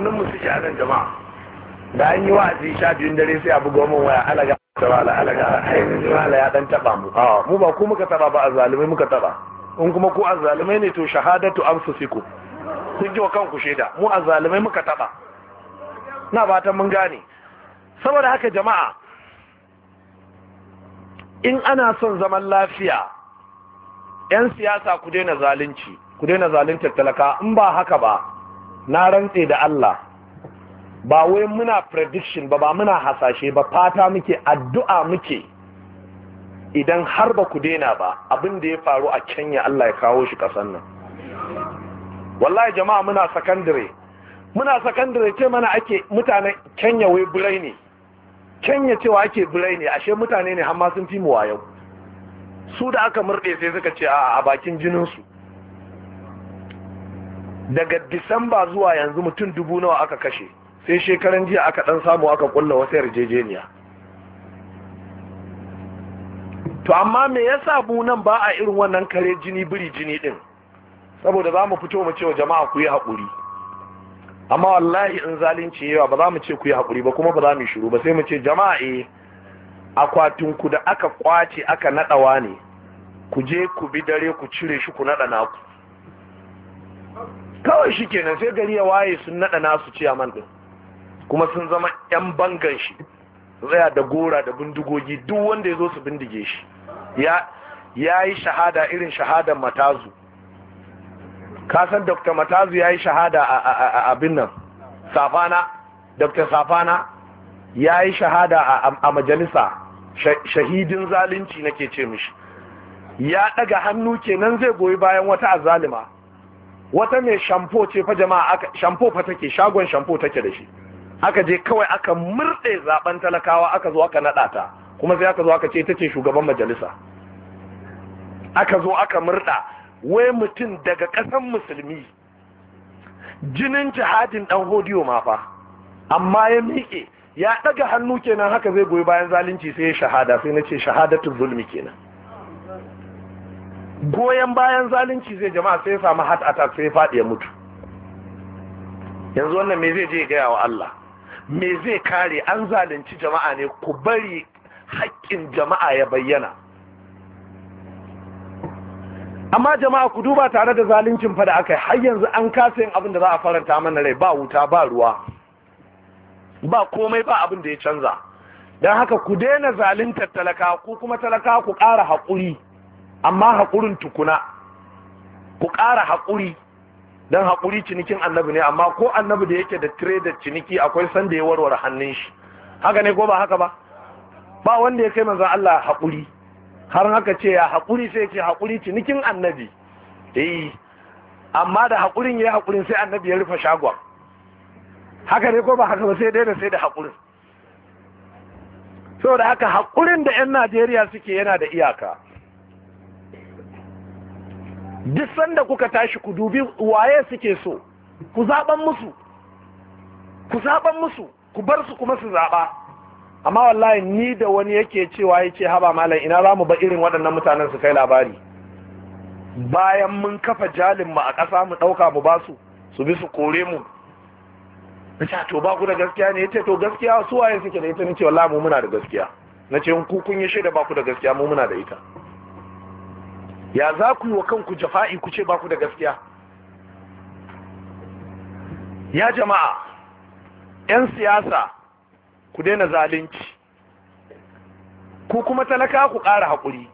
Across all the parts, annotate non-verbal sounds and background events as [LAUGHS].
nan musu shaɗin jama'a da an yi wa wa'azi sha biyun dare sai a buga min waya alaga sabala alaga ainihin wala ya dan taba mu a mu ba ku muka taba ba azalimai muka taba in kuma ku azalimai ne to shahadatu anfusikum kun ji wa kanku shaida mu azalimai muka taba na fatan mun gane saboda haka jama'a in ana son zaman lafiya 'yan siyasa ku daina zalunci ku daina zaluntar talaka in ba haka ba na rantse da Allah ba wai muna prediction ba ba muna hasashe ba fata muke addu'a muke idan har ba ku daina ba abin da ya faru a Kenya Allah ya kawo shi kasan nan wallahi jama'a muna secondary. muna secondary ce mana ake mutanen Kenya wai burai ne Kenya cewa ake burai ne ashe mutane ne har ma sun fi mu wayo su da aka murde sai suka ce a bakin jinin su daga disamba zuwa yanzu mutum dubu nawa aka kashe sai shekaran jiya aka dan samu aka kulla wasu yarjejeniya to amma me yasa mu nan ba a irin wannan kare jini biri jini din saboda za mu fito mu ce wa jama'a ku yi haƙuri amma wallahi in zalunci yawa ba za mu ce ku yi haƙuri ba kuma ba za mu yi shiru ba sai mu ce jama'a e akwatin ku da aka kwace aka naɗawa ne ku je ku bi dare ku cire shi ku naɗa naku kawai shi kenan sai gari ya waye sun naɗa nasu ciyaman ɗin kuma sun zama 'yan bangan shi tsaya da gora da bindigogi duk wanda ya zo su bindige shi ya yi shahada irin shahadan matazu kasan dr matazu ya yi shahada a abin nan safana dr safana ya yi shahada a majalisa shahidin zalunci nake ce mishi ya ɗaga hannu kenan zai goyi bayan wata azalima wata mai shampo ce fa jama'a aka shampo fa take shagon shampo take da shi aka je kawai aka murde zaben talakawa aka zo aka nada ta kuma sai aka zo aka ce ita shugaban majalisa aka zo aka murda wai mutum daga kasan musulmi jinin jihadin dan hodiyo ma fa amma ya miƙe ya daga hannu kenan haka zai goyi bayan zalunci sai ya shahada sai na ce shahadatu zulmi kenan goyon bayan zalunci zai jama'a sai ya samu heart attack sai ya faɗi ya mutu yanzu wannan me zai je gaya wa Allah me zai kare an zalunci jama'a ne ku bari haƙƙin jama'a ya bayyana amma jama'a ku duba tare da zaluncin fa da aka yi har yanzu an kasa yin abin da za a faranta mana rai ba wuta ba ruwa ba komai ba abin da ya canza don haka ku daina zaluntar talaka ku kuma talaka ku ƙara haƙuri amma haƙurin tukuna ku ƙara haƙuri don haƙuri cinikin annabi ne amma ko annabi da yake da tire da ciniki akwai sanda ya warware hannun shi haka ne ko ba haka ba ba wanda ya kai manzan Allah haƙuri har haka ce ya haƙuri sai ce haƙuri cinikin annabi eh amma da haƙurin ya yi haƙurin sai annabi ya rufe shagon haka ne ko ba haka ba sai dai da sai da haƙurin saboda haka haƙurin da 'yan Najeriya suke yana da iyaka duk sanda kuka tashi ku dubi waye suke so ku zaɓan musu ku zaɓan musu ku bar su kuma su zaɓa amma wallahi ni da wani yake cewa yake haba malam ina za mu ba irin waɗannan mutanen su kai labari bayan mun kafa jalin mu a ƙasa mu ɗauka mu basu, su bi su kore mu na to ba ku da gaskiya ne ya ce to gaskiya su waye suke da ita ni ce wallahi mu muna da gaskiya na ce ku kun yi shaida ba ku da gaskiya mu muna da ita ya za ku yi wa kanku jafa'i ku ce ba ku da gaskiya ya jama'a 'yan siyasa ku daina zalunci ku kuma talaka ku ƙara haƙuri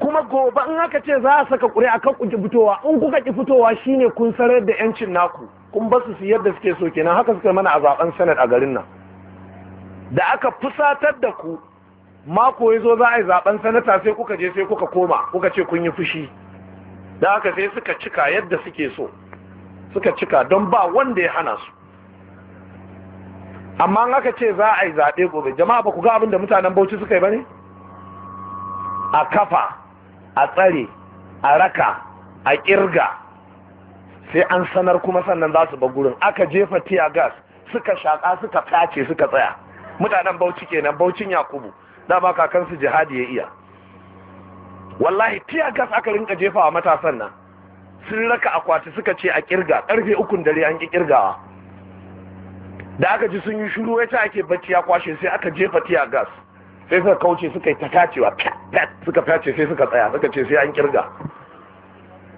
kuma gobe in haka ce za a saka ƙuri a kan ƙuki fitowa in kuka ƙi fitowa shine kun sarar da 'yancin naku kun ba su da suke soke. kenan haka suka mana a zaben sanar a garin nan da aka fusatar da ku mako ya zo za a yi zaben sanata sai kuka je sai kuka koma kuka ce kun yi fushi da haka sai suka cika yadda suke so suka cika don ba wanda ya hana su amma an aka ce za a yi zaɓe gobe jama'a ba ku ga abin da mutanen bauchi suka yi ba ne a kafa a tsare a raka a ƙirga sai an sanar kuma sannan za su gurin aka jefa tiya gas suka shaƙa suka kace suka tsaya mutanen bauchi kenan Bauchin yakubu dama kakansu jihadi ya iya wallahi tiya gas aka rinka jefawa matasan nan sun raka akwati suka ce a kirga karfe ukun dare an ki kirgawa da aka ji sun yi shuru ya ake bacci ya kwashe sai aka jefa tiya gas. sai suka kauce suka yi takacewa suka face sai suka tsaya suka ce sai an kirga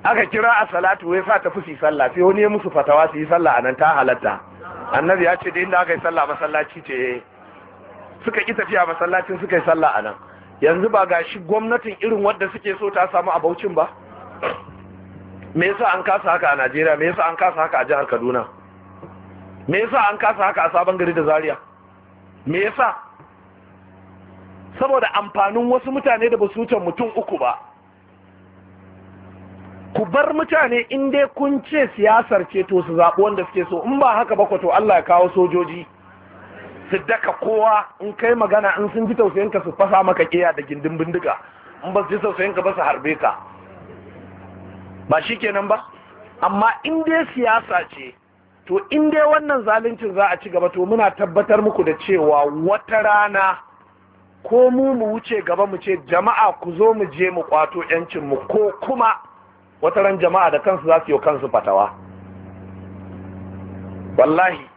aka kira a salatu wai sa tafi su yi sallah sai wani ya musu fatawa su yi sallah a nan ta halatta annabi ya ce da inda aka yi sallah masallaci ce suka ƙi tafiya masallacin suka yi sallah a nan yanzu ba ga shi gwamnatin irin wadda suke so ta samu a Bauchin ba me yasa an kasa haka a Najeriya me yasa an kasa haka a jihar Kaduna me yasa an kasa haka a sabon gari da Zaria me yasa saboda amfanin wasu mutane da ba su wuce mutum uku ba ku bar mutane in dai kun ce siyasar ce to su zaɓi wanda suke so in ba haka ba to Allah ya kawo sojoji su daka kowa in kai magana in sun ji tausayinka su fasa maka kiya da gindin bindiga in ba su ji tausayinka ba su harbe ka ba shi kenan ba amma in dai siyasa ce to in dai wannan zaluncin za a ci gaba to muna tabbatar muku da cewa wata rana ko mu mu wuce gaba mu ce jama'a ku zo mu je mu kwato yancin mu ko kuma wata ran jama'a da kansu za su yi kansu fatawa wallahi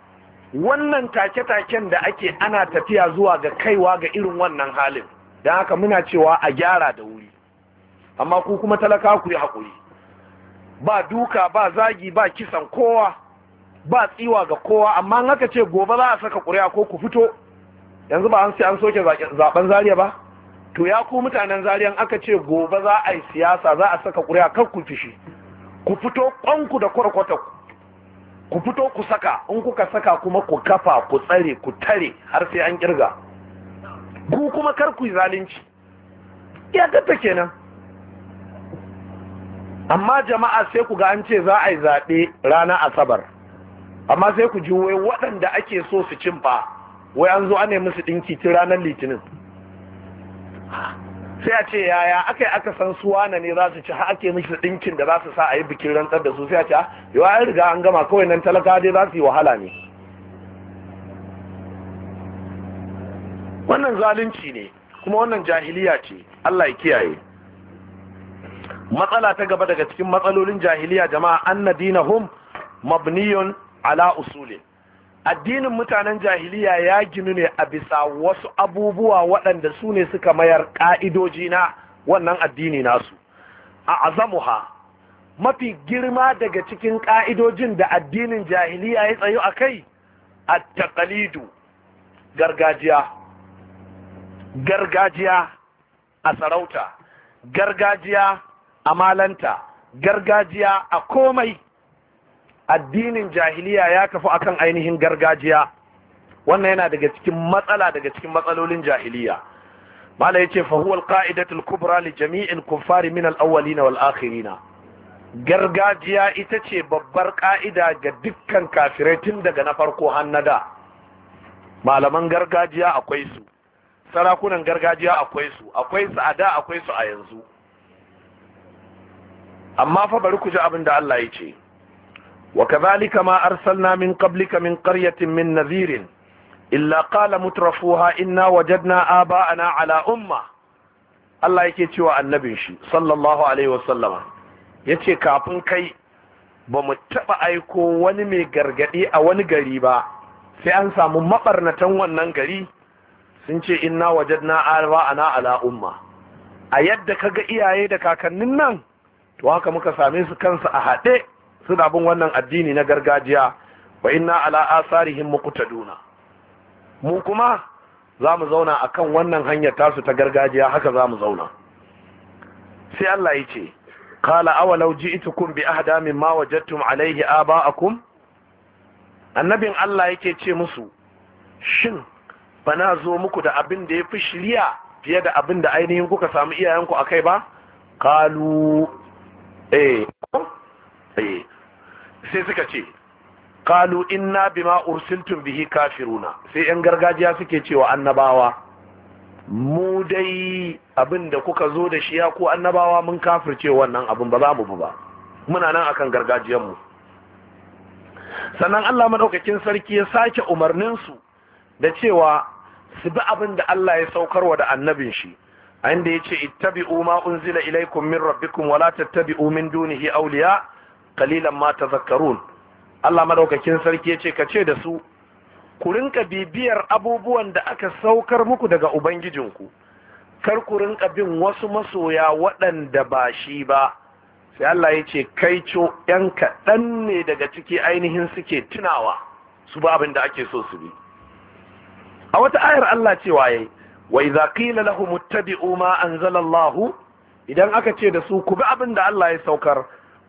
wannan take-taken da ake ana tafiya zuwa ga kaiwa ga irin wannan halin don haka muna cewa a gyara da wuri amma ku kuma talaka ku yi haƙuri ba duka ba zagi ba kisan kowa ba tsiwa ga kowa amma haka ce gobe za a saka ƙuri'a ko ku fito yanzu ba an sai an soke zaben zariya ba to ya ku mutanen zariyan aka ce gobe za a yi siyasa za a saka ƙuri'a kar ku fishi ku fito ƙwanku da ku. ku fito ku saka in kuka saka kuma ku kafa ku tsare ku tare har sai an kirga ku kuma kar ku yi zalunci ya gata kenan amma jama'a sai ku ga an ce za a yi zaɓe rana asabar amma sai ku ji wai waɗanda ake so su cin wai an zo an nemi su ɗinki tun ranar litinin sai a ce yaya aka yi aka san suwa na ne za su ci har ake musu ɗinkin da za su sa a yi bikin rantsar da su sai a ce ah, yawa an riga an gama kawai nan talaka dai za su yi wahala ne wannan zalunci ne kuma wannan jahiliya ce Allah ya kiyaye matsala ta gaba daga cikin matsalolin jahiliya jama'a anna hum mabniyun ala usulin addinin mutanen jahiliya ya ginu ne a bisa wasu abubuwa waɗanda su ne suka mayar ƙa'idoji na wannan addini nasu a azamuha mafi girma daga cikin ƙa'idojin da addinin jahiliya ya tsayo a kai a takalidu gargajiya gargajiya a sarauta gargajiya a malanta gargajiya a komai addinin jahiliya ya kafu akan ainihin gargajiya wannan yana daga cikin matsala daga cikin matsalolin jahiliya mala yace fa huwa alqa'idatu alkubra li jami'il kuffari min alawwalina wal akhirina gargajiya ita ce babbar ka'ida ga dukkan kafirai tun daga na farko har na da malaman gargajiya akwai su sarakunan gargajiya akwai su akwai su a da akwai su a yanzu amma fa bari ku ji abin da Allah ya ce وكذلك ما أرسلنا من قبلك من قرية من نذير إلا قال مترفوها إنا وجدنا آباءنا على أمة الله yake cewa annabin shi sallallahu alaihi wasallama yace kafin kai ba mu taɓa aiko wani mai gargaɗi a wani gari ba sai an samu maɓarnatan wannan gari sun ce inna wajadna arba'ana ala umma a yadda ka ga iyaye da kakannin nan to haka muka same su kansa a haɗe suna bin wannan addini na gargajiya wa inna ala asarihim muqtaduna mu kuma za mu zauna akan wannan hanyar tasu ta gargajiya haka za mu zauna sai Allah ya ce qala law ji'tukum bi ahda mimma wajadtum alayhi aba'akum annabin Allah yake ce musu shin bana zo muku da abin da yafi shirya fiye da abin da ainihin kuka samu iyayenku akai ba qalu eh eh sai suka ce kalu inna bima ursiltum bihi kafiruna sai yan gargajiya suke cewa annabawa mu dai abin da kuka zo da shi ya ku annabawa mun kafirce wannan abin ba za mu ba muna nan akan gargajiyan mu sannan Allah madaukakin sarki ya sake umarnin su da cewa su bi abin da Allah ya saukar wa da annabin shi inda yace ittabi'u ma unzila ilaykum min rabbikum wala tattabi'u min dunihi awliya qalilan ma tazakkarun Allah madaukakin sarki yace ka ce da su ku rinka bibiyar abubuwan da aka saukar muku daga ubangijinku kar ku rinka bin wasu masoya waɗanda ba shi ba sai Allah ya ce kai co ‘yan kaɗan ne daga ciki ainihin suke tunawa su ba abin da ake so su bi a wata ayar Allah cewa yayi wa idza qila lahum ittabi'u ma anzalallahu idan aka ce da su ku bi abin da Allah ya saukar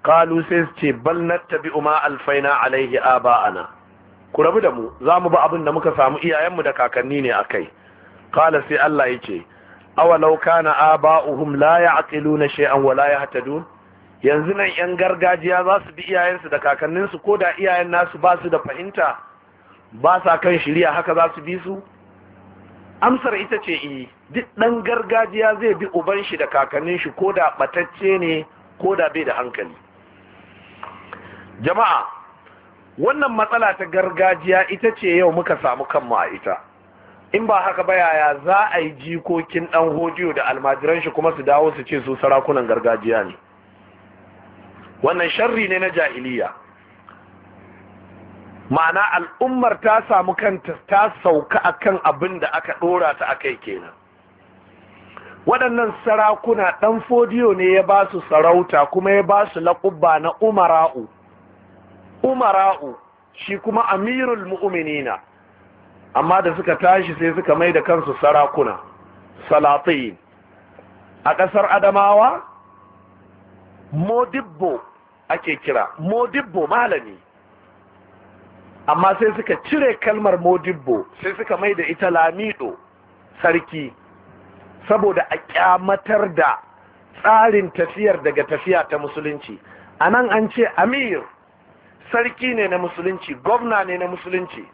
Kalu sai su ce bal nattabi'u ma alfaina alaihi aba'ana ku rabu da mu za mu ba abin da muka samu iyayenmu da kakanni ne akai kala sai Allah yace awalau kana a la ya'qiluna shay'an wa hata yahtadun yanzu nan yan gargajiya za su bi iyayensu da kakanninsu ko da iyayen nasu ba su da fahimta ba sa kan shirya haka za su bi su amsar ita ce i eh, duk ɗan gargajiya zai bi uban shi da kakannin shi ko da ɓatacce ne ko da bai da hankali jama'a wannan matsala ta gargajiya ita ce yau muka samu kanmu a ita in ba haka ba yaya za a yi jikokin ɗan hodiyo da almajiran shi kuma su dawo su ce su sarakunan gargajiya ne wannan sharri ne na jahiliya ma'ana al'ummar ta samu kanta ta sauka akan abin da aka ɗora ta akai kenan waɗannan sarakuna ɗan fodiyo ne ya ba su sarauta kuma ya ba su laƙubba na umara'u umara'u shi kuma amirul mu'minina amma da suka tashi sai suka mai da kansu sarakuna salatin a ƙasar adamawa modibbo ake kira modibbo malami amma sai suka cire kalmar modibbo sai suka mai da ita lamido sarki saboda a kyamatar da tsarin tafiyar daga tafiya ta musulunci a nan an ce amir sarki ne na musulunci gwamna ne na musulunci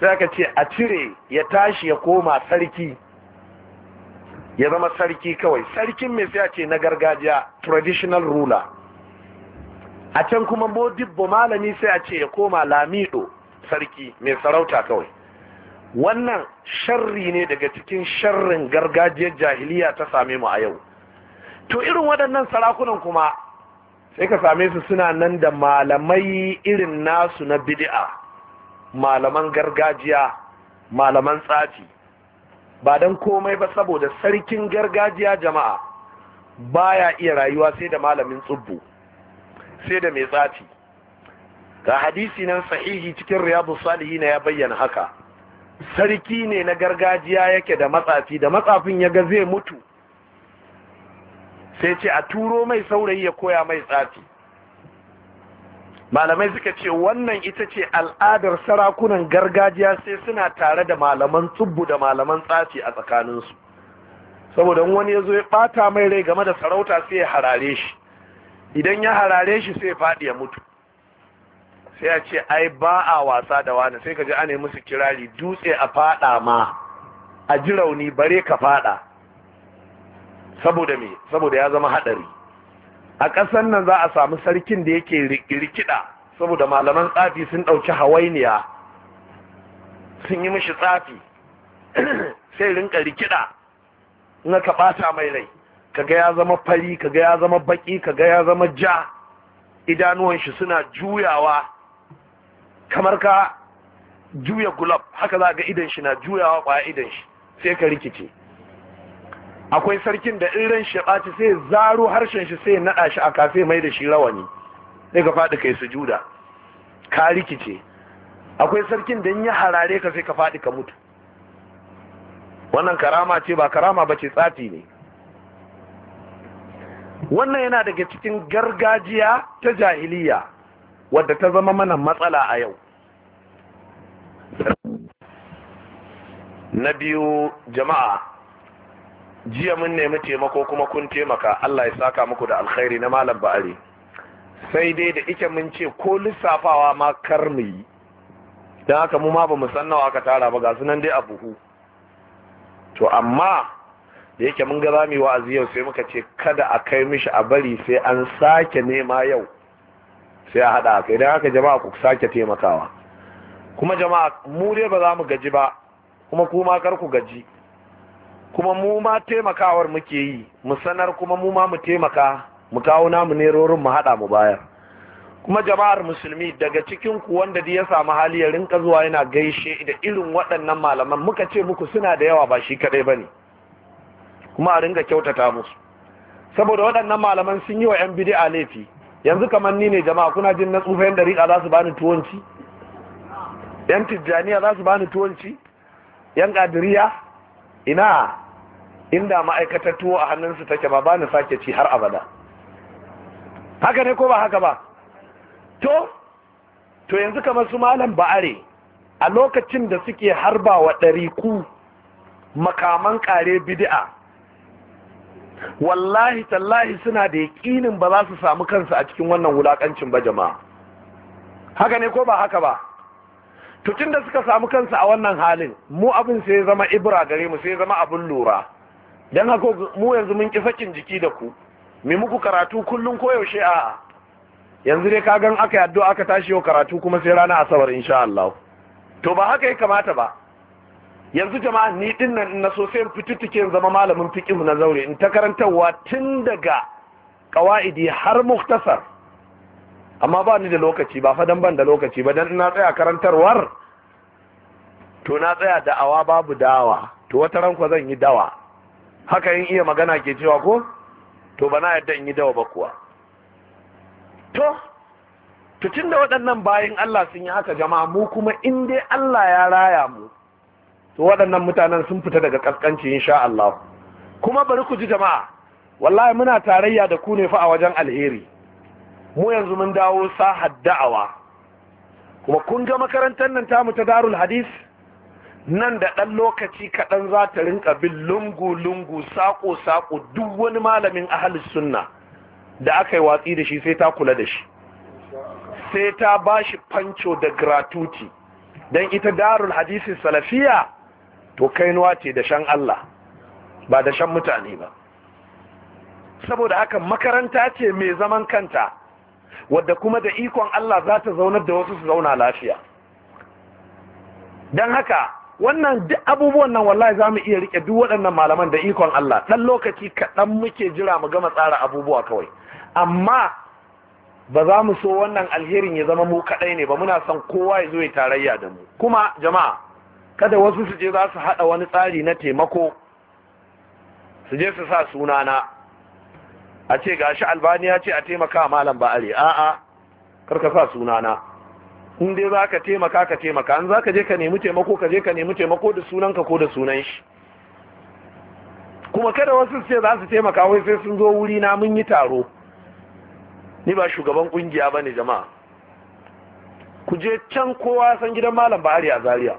sai aka ce a cire ya tashi ya koma sarki ya zama sarki kawai sarkin mai sai a ce na gargajiya traditional ruler a can kuma modibbo malami sai a ce ya koma lamido sarki mai sarauta kawai wannan sharri ne daga cikin sharrin gargajiyar jahiliya ta same mu a yau to irin waɗannan sarakunan kuma sai ka same su suna nan da malamai irin nasu na bid'a malaman gargajiya malaman tsafi ba don komai ba saboda sarkin gargajiya jama'a baya iya rayuwa sai da malamin tsubbu sai da mai tsafi ga hadisi nan sahihi cikin riyabu salihi na ya bayyana haka sarki ne na gargajiya yake da matsafi da matsafin ya ga zai mutu sai ce a turo mai saurayi ya koya mai tsafi malamai suka ce wannan ita ce al'adar sarakunan gargajiya sai suna tare da malaman tsubbu da malaman tsafi a tsakaninsu saboda wani ya zo ya ɓata mai rai game da sarauta sai ya harare shi idan ya harare shi sai ya faɗi ya mutu sai ya ce ai ba a wasa da wani sai ka ji ana musu kirari dutse a faɗa ma a ji rauni bare ka faɗa saboda me saboda ya zama hadari a ƙasar nan za a samu sarkin da yake rikida saboda malaman tsafi sun ɗauki hawainiya sun yi mishi tsafi [CLEARS THROAT] sai rinka rikida na ka ɓata mai rai kaga ya zama fari kaga ya zama baki kaga ya zama ja idanuwan shi suna juyawa kamar ka juya gulab haka za ga idan shi na juyawa kwaya idan shi sai ka rikice akwai sarkin da irin shaɓaci sai zaro harshen shi sai naɗa shi a kafe mai da shi rawani sai ka faɗi kai juda. ka rikice akwai sarkin da in ya harare ka sai ka faɗi ka mutu wannan karama ce ba karama ba ce tsafi ne wannan yana daga cikin gargajiya ta jahiliya wadda ta zama mana matsala a yau na biyu jama'a jiya mun nemi taimako kuma kun taimaka Allah ya saka muku da alkhairi na malam ba'ari sai dai da ike mun ce ko lissafawa ma kar mu yi don haka mu ma ba mu san nawa aka tara ba ga sunan dai a buhu to amma da yake mun ga za mu yi wa'azi yau sai muka ce kada a kai mishi a bari sai an sake nema yau sai a haɗa kai don haka jama'a ku sake taimakawa kuma jama'a mu dai ba za mu gaji ba kuma kuma kar ku gaji kuma mu ma taimakawar muke yi mu sanar kuma mu ma mu taimaka mu kawo namu ne rorin mu haɗa mu bayar kuma jama'ar musulmi daga cikin ku wanda ya samu hali ya rinka zuwa yana gaishe da irin waɗannan malaman muka ce muku suna da yawa ba shi kadai bane kuma a rinka kyautata musu saboda waɗannan malaman sun yi wa yan bid'a laifi yanzu kamar ni ne jama'a kuna jin na tsufayen dariƙa za su bani tuwanci yan tijjaniya za su bani tuwanci yan ƙadiriya ina inda ma'aikatar tuwo a hannunsu take ba ba ni sake ci har abada haka ne ko ba haka ba to to yanzu kamar su malam ba'are a lokacin da suke harba wa ɗariku makaman ƙare bid'a wallahi tallahi suna da yaƙinin ba za su samu kansu a cikin wannan wulaƙancin ba jama'a haka ne ko ba haka ba tutun da suka samu kansu a wannan halin mu abin sai zama ibra gare mu sai zama abin lura don haka mu yanzu mun kisakin jiki da ku mai muku karatu kullum koyaushe a yanzu dai kagan aka yaddo aka tashi yau karatu kuma sai rana asabar insha Allah to ba haka ya kamata ba yanzu jama'a ni din nan na so sai fituttuke zama malamin fiqh na zaure in ta karantarwa tun daga qawaidi har muktasar amma ba ni da lokaci ba fa dan ban da lokaci ba dan ina tsaya karantarwar to na tsaya da awa babu dawa to wata ranko zan yi dawa haka yin iya magana ke cewa ko to bana yadda in yi dawa ba kuwa to tutun da waɗannan bayan Allah sun yi haka jama'a mu kuma in dai Allah ya raya mu to waɗannan mutanen sun fita daga ƙasƙanci insha Allah kuma bari ku ji jama'a wallahi muna tarayya da ku ne fa a wajen alheri mu yanzu mun dawo sahad da'awa kuma kun ga makarantar nan tamu ta darul hadis nan da ɗan lokaci kaɗan za ta rinka bin lungu-lungu saƙo-saƙo duk wani malamin ahalis sunna da aka yi watsi da shi sai ta kula da shi sai ta ba shi fanco da gratuti don ita darul hadisi salafiya to kainuwa ce da shan Allah ba da shan mutane ba saboda haka makaranta ce mai zaman kanta wadda kuma da ikon Allah za ta zaunar da wasu su zauna lafiya don haka wannan duk abubuwan nan wallahi za mu iya rike duk waɗannan malaman da ikon Allah ɗan lokaci kaɗan muke jira mu gama tsara abubuwa kawai amma ba za mu so wannan alherin ya zama mu kaɗai ne ba muna son kowa ya zo ya tarayya da mu kuma jama'a kada wasu su je za su haɗa wani tsari na taimako su je su sa sunana a ce gashi albani ya ce a taimaka malam ba'ari a'a karka sa na in dai za ka taimaka ka taimaka an za ka je ka nemi taimako ka je ka nemi taimako da sunanka ko da sunan shi kuma kada wasu ce za su taimaka wai sai sun zo wuri na mun yi taro ni ba shugaban kungiya ba ne jama'a ku je can kowa san gidan malam bahari a zaria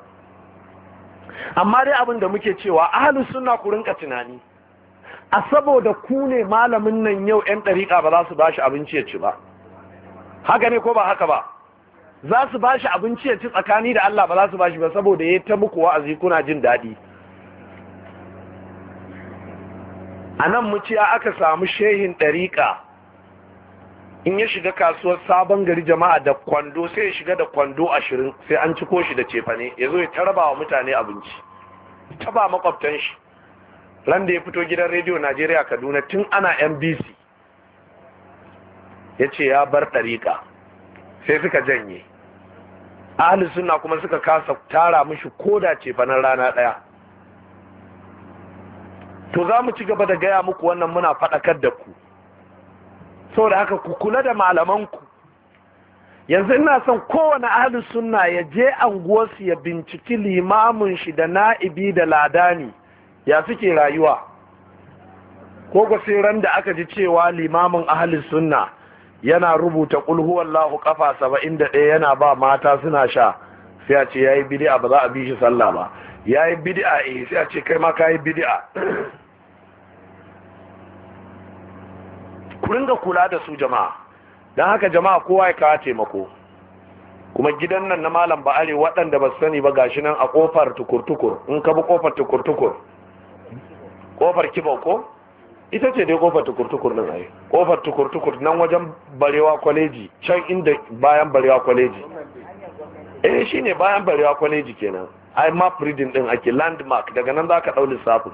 amma dai abin da muke cewa ahli sunna ku rinka tunani a saboda ku ne malamin nan yau 'yan ɗariƙa ba za su ba shi abinci ya ci ba haka ne ko ba haka ba za su ba shi abinci ya ci tsakani da Allah ba za su ba shi ba saboda ya ta muku wa'azi kuna jin daɗi a nan muciya aka samu shehin ɗariƙa in ya shiga kasuwar sabon gari jama'a da kwando sai ya shiga da kwando ashirin sai an ciko shi da cefane ya zo ya taraba wa mutane abinci taba makwabtan shi ran da ya fito gidan rediyo najeriya kaduna tun ana mbc ya ce ya bar ɗariƙa sai suka janye ahalin sunna kuma suka kasa tara mishi koda ce fanar rana ɗaya to za mu ci gaba da gaya muku wannan muna faɗakar da ku saboda haka ku kula da malamanku yanzu ina son kowane ahli sunna ya je anguwarsu ya binciki limamin shi da na'ibi da ladani ya suke rayuwa ko ran da aka ji cewa limamin ahli sunna yana rubuta ƙulhuwallahu kafa saba'in da ɗaya yana ba mata suna sha sai a ce ya yi bidi'a ba za a bi shi sallah ba ya yi bidi'a eh sai a ce kai ma ka yi bidi'a ku ringa kula da su jama'a don haka jama'a kowa ya kawo taimako kuma gidan nan na malam ba are waɗanda ba su sani ba gashi nan a ƙofar tukurtukur in ka bi ƙofar tukurtukur ƙofar kibau ko ita ce dai kofar tukur-tukur a yi. kofar tukur nan wajen barewa kwaleji can inda bayan barewa kwaleji eh shine bayan barewa kwaleji kenan ai map reading din ake landmark daga nan za ka ɗau lissafin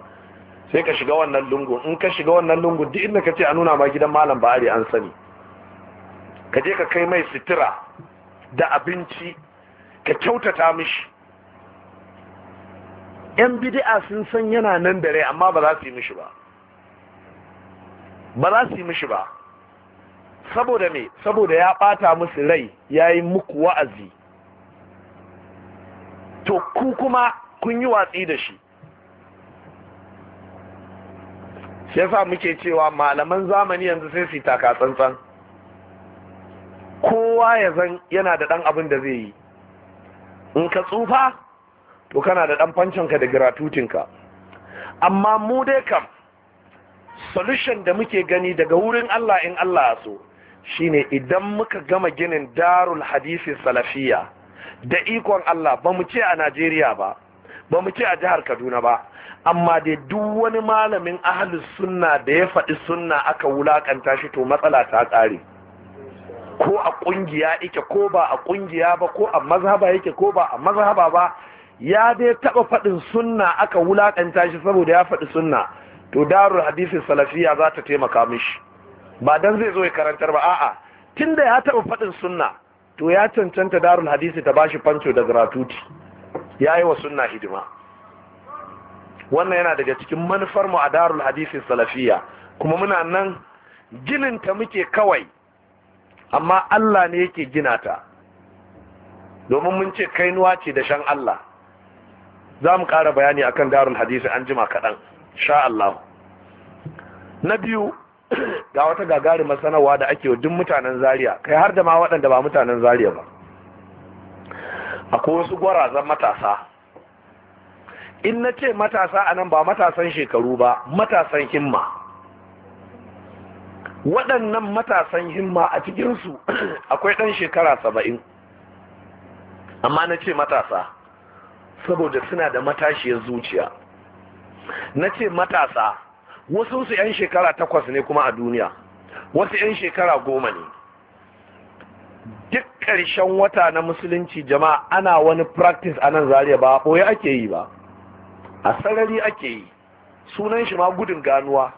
sai ka shiga wannan lungu in ka shiga wannan lungu duk inda ka ce a nuna ma gidan malam ba'ari an sani ka je ka kai mai sitira da abinci ka kyautata mishi yan bid'a sun san yana nan da rai amma ba za su yi mishi ba ba za su yi mishi ba saboda me saboda ya bata musu rai ya yi muku wa'azi to ku kuma kun yi watsi da shi shi yasa muke cewa malaman zamani yanzu sai su taka tsantsan kowa ya zan yana da ɗan abin da zai yi in ka tsufa to kana da ɗan fancinka da giratutinka amma mu dai kam solution da muke gani daga wurin Allah in Allah so shine idan muka gama ginin darul hadisi salafiya da ikon Allah ba mu ce a Najeriya ba ba mu ce a jihar Kaduna ba amma dai duk wani malamin ahlus sunna da ya faɗi sunna aka wulakanta shi to matsala ta ƙare ko a ƙungiya yake ko ba a ƙungiya ba ko a mazhaba yake ko ba a mazhaba ba ya dai taɓa faɗin sunna aka wulakanta shi saboda ya faɗi sunna to darul hadisin salafiya za ta taimaka mishi ba dan zai zo ya karantar ba a'a tunda ya taɓa faɗin sunna to ya cancanta darul hadisi ta bashi fanco da gratuti ya yi wa sunna hidima wannan yana daga cikin manufar mu a darul hadisin salafiya kuma muna nan ginin ta muke kawai amma Allah ne yake gina ta domin mun ce kainuwa ce da shan Allah za mu ƙara bayani akan darul hadisi an jima kaɗan sha Allah na biyu [CLEARS THROAT] ga wata gagari masanawa da ake duk mutanen Zaria kai har da ma waɗanda ba mutanen Zaria ba akwai wasu gwarazan matasa in na ce matasa a nan ba matasan shekaru ba matasan himma waɗannan matasan himma a cikinsu [CLEARS THROAT] akwai ɗan shekara saba'in amma na ce matasa saboda suna da matashiyar zuciya na ce matasa wasu su 'yan shekara takwas ne kuma a duniya wasu 'yan shekara goma ne duk ƙarshen wata na musulunci jama'a ana wani practice a nan zariya ba ɓoye ake yi ba a sarari ake yi sunan shi ma gudun ganuwa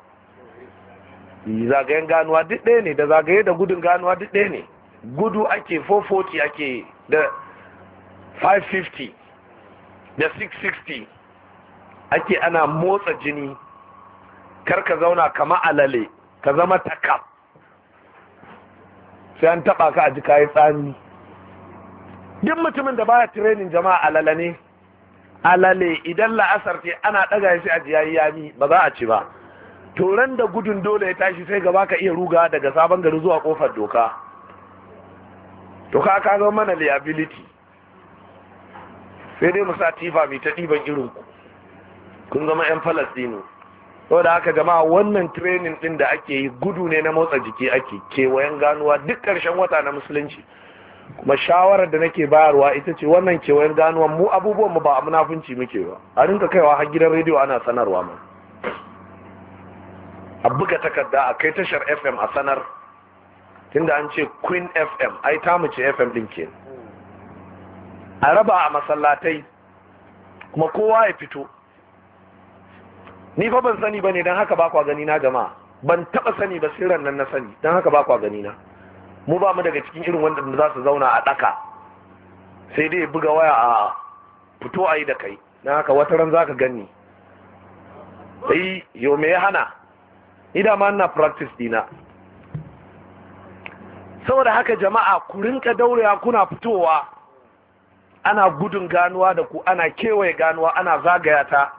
zagayen ganuwa duk ɗaya ne da zagaye da gudun ganuwa duk ɗaya ne gudu ake 440 ake da 550 da 660 ake ana motsa jini kar ka zauna kama alale ka zama takam sai an taba ka a ji kayi tsami duk mutumin da baya tirenin jama'a alale ne alale idan la'asar ce ana daga shi a jiyayi yami ba za a ci ba toran da gudun dole ya tashi sai gaba ka iya ruga daga sabon gari zuwa kofar doka doka ka zama mana liability sai dai mu sa tifa mai ta ɗiban irinku kun zama 'yan falastinu da haka gama wannan training din da ake yi gudu ne na motsa jiki ake kewayen ganuwa duk karshen wata na musulunci kuma shawarar da nake bayarwa ita ce wannan kewayen ganuwa mu abubuwan mu ba a munafunci muke ba a rinka kaiwa har gidan rediyo ana sanarwa mu a buga takarda a kai tashar fm a sanar tunda an ce queen fm ai ta mu ce fm din ke a raba a masallatai kuma kowa ya fito ni fa ban sani bane dan haka ba kwa gani na jama'a ban taba sani ba sirran nan na sani dan haka ba kwa gani na mu ba mu daga cikin irin wanda za su zauna a daka sai dai buga waya a fito ayi da kai dan haka wata ran zaka gani sai yo me ya hana ni da ma ina practice dina saboda haka jama'a ku rinka daurewa kuna fitowa ana gudun ganuwa da ku ana kewaye ganuwa ana zagaya ta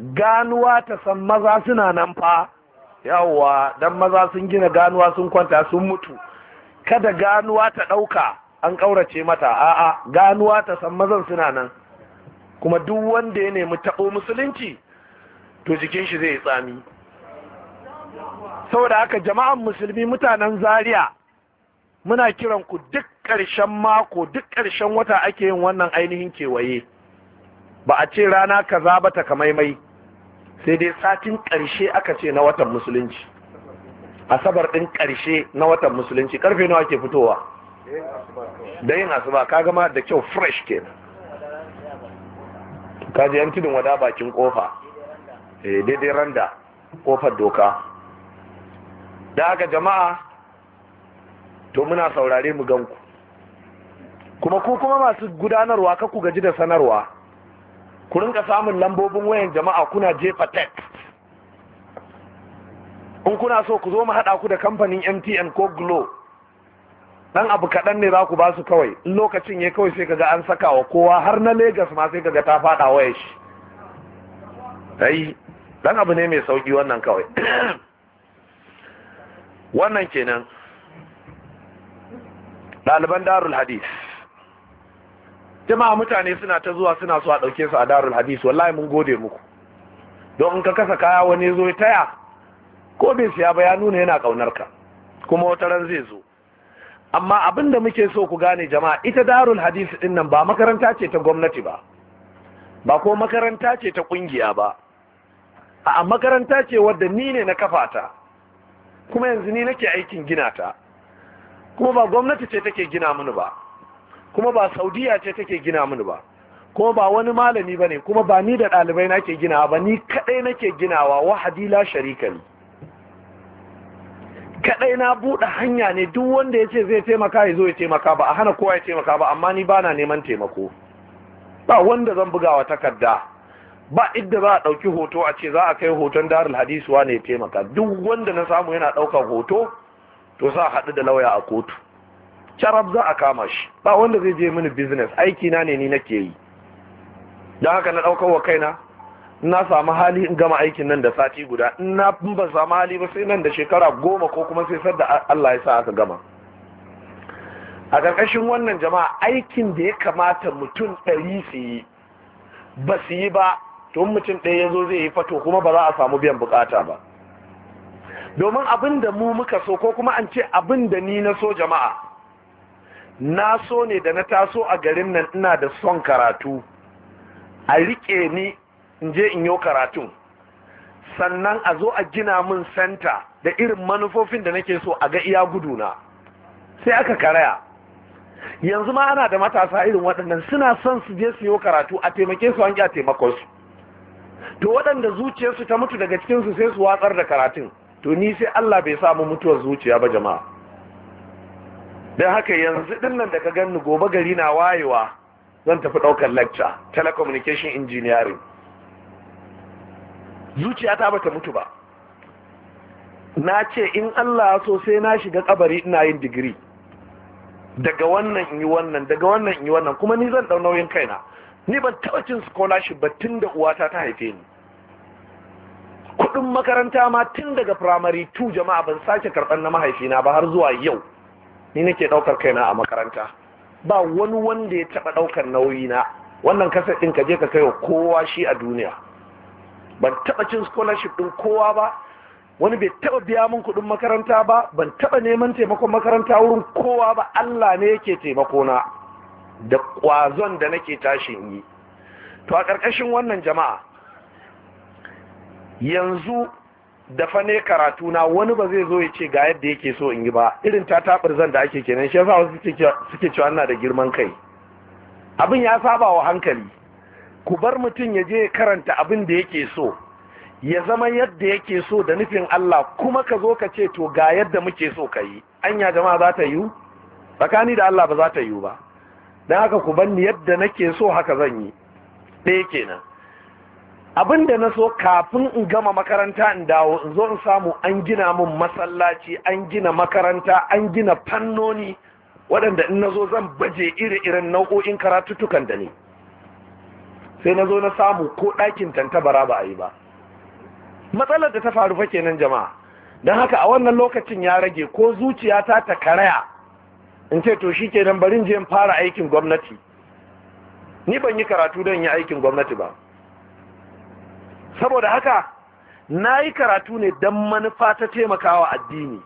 ganuwa ta san maza suna nan fa yawwa dan maza sun gina ganuwa sun kwanta sun mutu kada ganuwa ta ɗauka an ƙaurace mata a'a ganuwa ta san mazan suna nan kuma duk wanda ya nemi taɓo musulunci to jikin shi zai tsami saboda haka jama'an musulmi mutanen zaria muna kiran ku duk ƙarshen mako duk ƙarshen wata ake yin wannan ainihin kewaye ba a ce rana kaza ba ta kamaimai sai dai satin ƙarshe aka ce na watan musulunci asabar ɗin ƙarshe na watan musulunci ƙarfe nawa ke fitowa da yin asuba ka gama da kyau fresh ke ka ji yan tudun wada bakin kofa eh, daidai randa kofar doka da aka jama'a to muna saurare mu ganku kuma ku kuma masu gudanarwa ka gaji da sanarwa ku rinka samun lambobin wayan jama'a kuna jefa tech in kuna so ku zo mu haɗa ku da kamfanin mtn ko glo dan abu kaɗan ne za ku ba kawai in lokacin ya kawai sai kaga an saka wa kowa har na Legas ma sai kaga ta faɗa waya shi ai dan abu ne mai sauki wannan kawai wannan kenan ɗaliban darul hadith jama'a mutane suna ta zuwa suna so a ɗauke su a darul hadis wallahi mun gode muku don in ka kasa kaya wani zo ya taya ko bai siya ba ya nuna yana kaunar ka kuma wata ran zai zo amma abin da muke so ku gane jama'a ita darul hadis din nan ba makaranta ce ta gwamnati ba ba ko makaranta ce ta kungiya ba a makaranta ce wadda ni ne na kafa ta kuma yanzu ni nake aikin gina ta kuma ba gwamnati ce take gina mini ba kuma ba saudiya ce take gina mini ba kuma ba wani malami ba ne kuma ba ni da ɗalibai nake ginawa ba ni kaɗai nake ginawa wahadi la sharika kaɗai na buɗe hanya ne duk wanda ya ce zai taimaka ya zo ya taimaka ba a hana kowa ya taimaka ba amma ni bana neman taimako ba wanda zan buga wa takarda ba idda za a ɗauki hoto a ce za a kai hoton darul hadisuwa ne ya taimaka duk wanda na samu yana ɗaukar hoto to sa haɗu da lauya a kotu carab za a kama shi ba wanda zai je mini business aiki na ne ni nake yi don haka na ɗaukar wa kaina na samu hali in gama aikin nan da sati guda in na ba samu hali ba sai nan da shekara goma ko kuma sai sadda Allah ya sa aka gama a ƙarƙashin wannan jama'a aikin da ya kamata mutum ɗari su yi ba su yi ba tun mutum ɗaya ya zo zai yi fato kuma ba za a samu biyan bukata ba domin abin da mu muka so ko kuma an ce abin da ni na so jama'a na so ne da na taso a garin nan ina da son karatu a riƙe ni in je in yi karatun sannan a zo a gina min santa da irin manufofin da nake so a ga iya guduna sai aka karaya yanzu ma ana da matasa irin waɗannan suna son su je su yi karatu a taimake su hanki a taimakon su to waɗanda zuciyarsu ta mutu daga cikinsu sai su watsar da karatun to ni sai Allah bai samu mutuwar zuciya ba jama'a don haka yanzu dinnan da ka ganni gobe gari na wayewa zan tafi ɗaukar lecture telecommunication engineering zuciyata ba ta mutu ba na ce in Allah so sai na shiga kabari ina yin digiri daga wannan in yi wannan daga wannan in yi wannan kuma ni zan ɗau nauyin kaina ni ban taba cin scholarship ba tun da uwata ta haife ni kuɗin makaranta ma tun daga primary 2 jama'a ban sake karɓar na mahaifina ba har zuwa yau ni nake daukar kaina a makaranta ba wani wanda ya taba daukar nauyi na wannan kasar din ka je ka kaiwa kowa shi a duniya ban taba cin scholarship din kowa ba wani bai taba biya min kudin makaranta ba ban taba neman taimakon makaranta wurin kowa ba Allah ne yake taimako na da kwazon da nake tashin yi to a ƙarƙashin wannan jama'a yanzu da fa ne karatu na wani ba zai zo ya ce ga yadda yake so in yi ba irin ta tabar zan da ake kenan shi yasa wasu suke cewa ina da girman kai abin ya saba wa hankali ku bar mutum ya je karanta abin da yake so ya zama yadda yake so da nufin Allah kuma ka zo ka ce to ga yadda muke so ka yi anya jama'a za ta yiwu tsakani da Allah ba za ta yiwu ba dan haka ku bar ni yadda nake so haka zan yi ɗaya kenan abin da na so kafin in gama makaranta in dawo in zo in samu an gina min masallaci an gina makaranta an gina fannoni waɗanda in na zo zan baje iri-irin nau'o'in karatuttukan da ne sai na zo na samu ko ɗakin tantabara ba a yi ba matsalar da ta faru fa kenan jama'a don haka a wannan lokacin ya rage ko zuciyata ta karaya in ce to shi kenan barin je in fara aikin gwamnati ni ban yi karatu don yi aikin gwamnati ba saboda haka na yi karatu ne don manufa ta taimakawa addini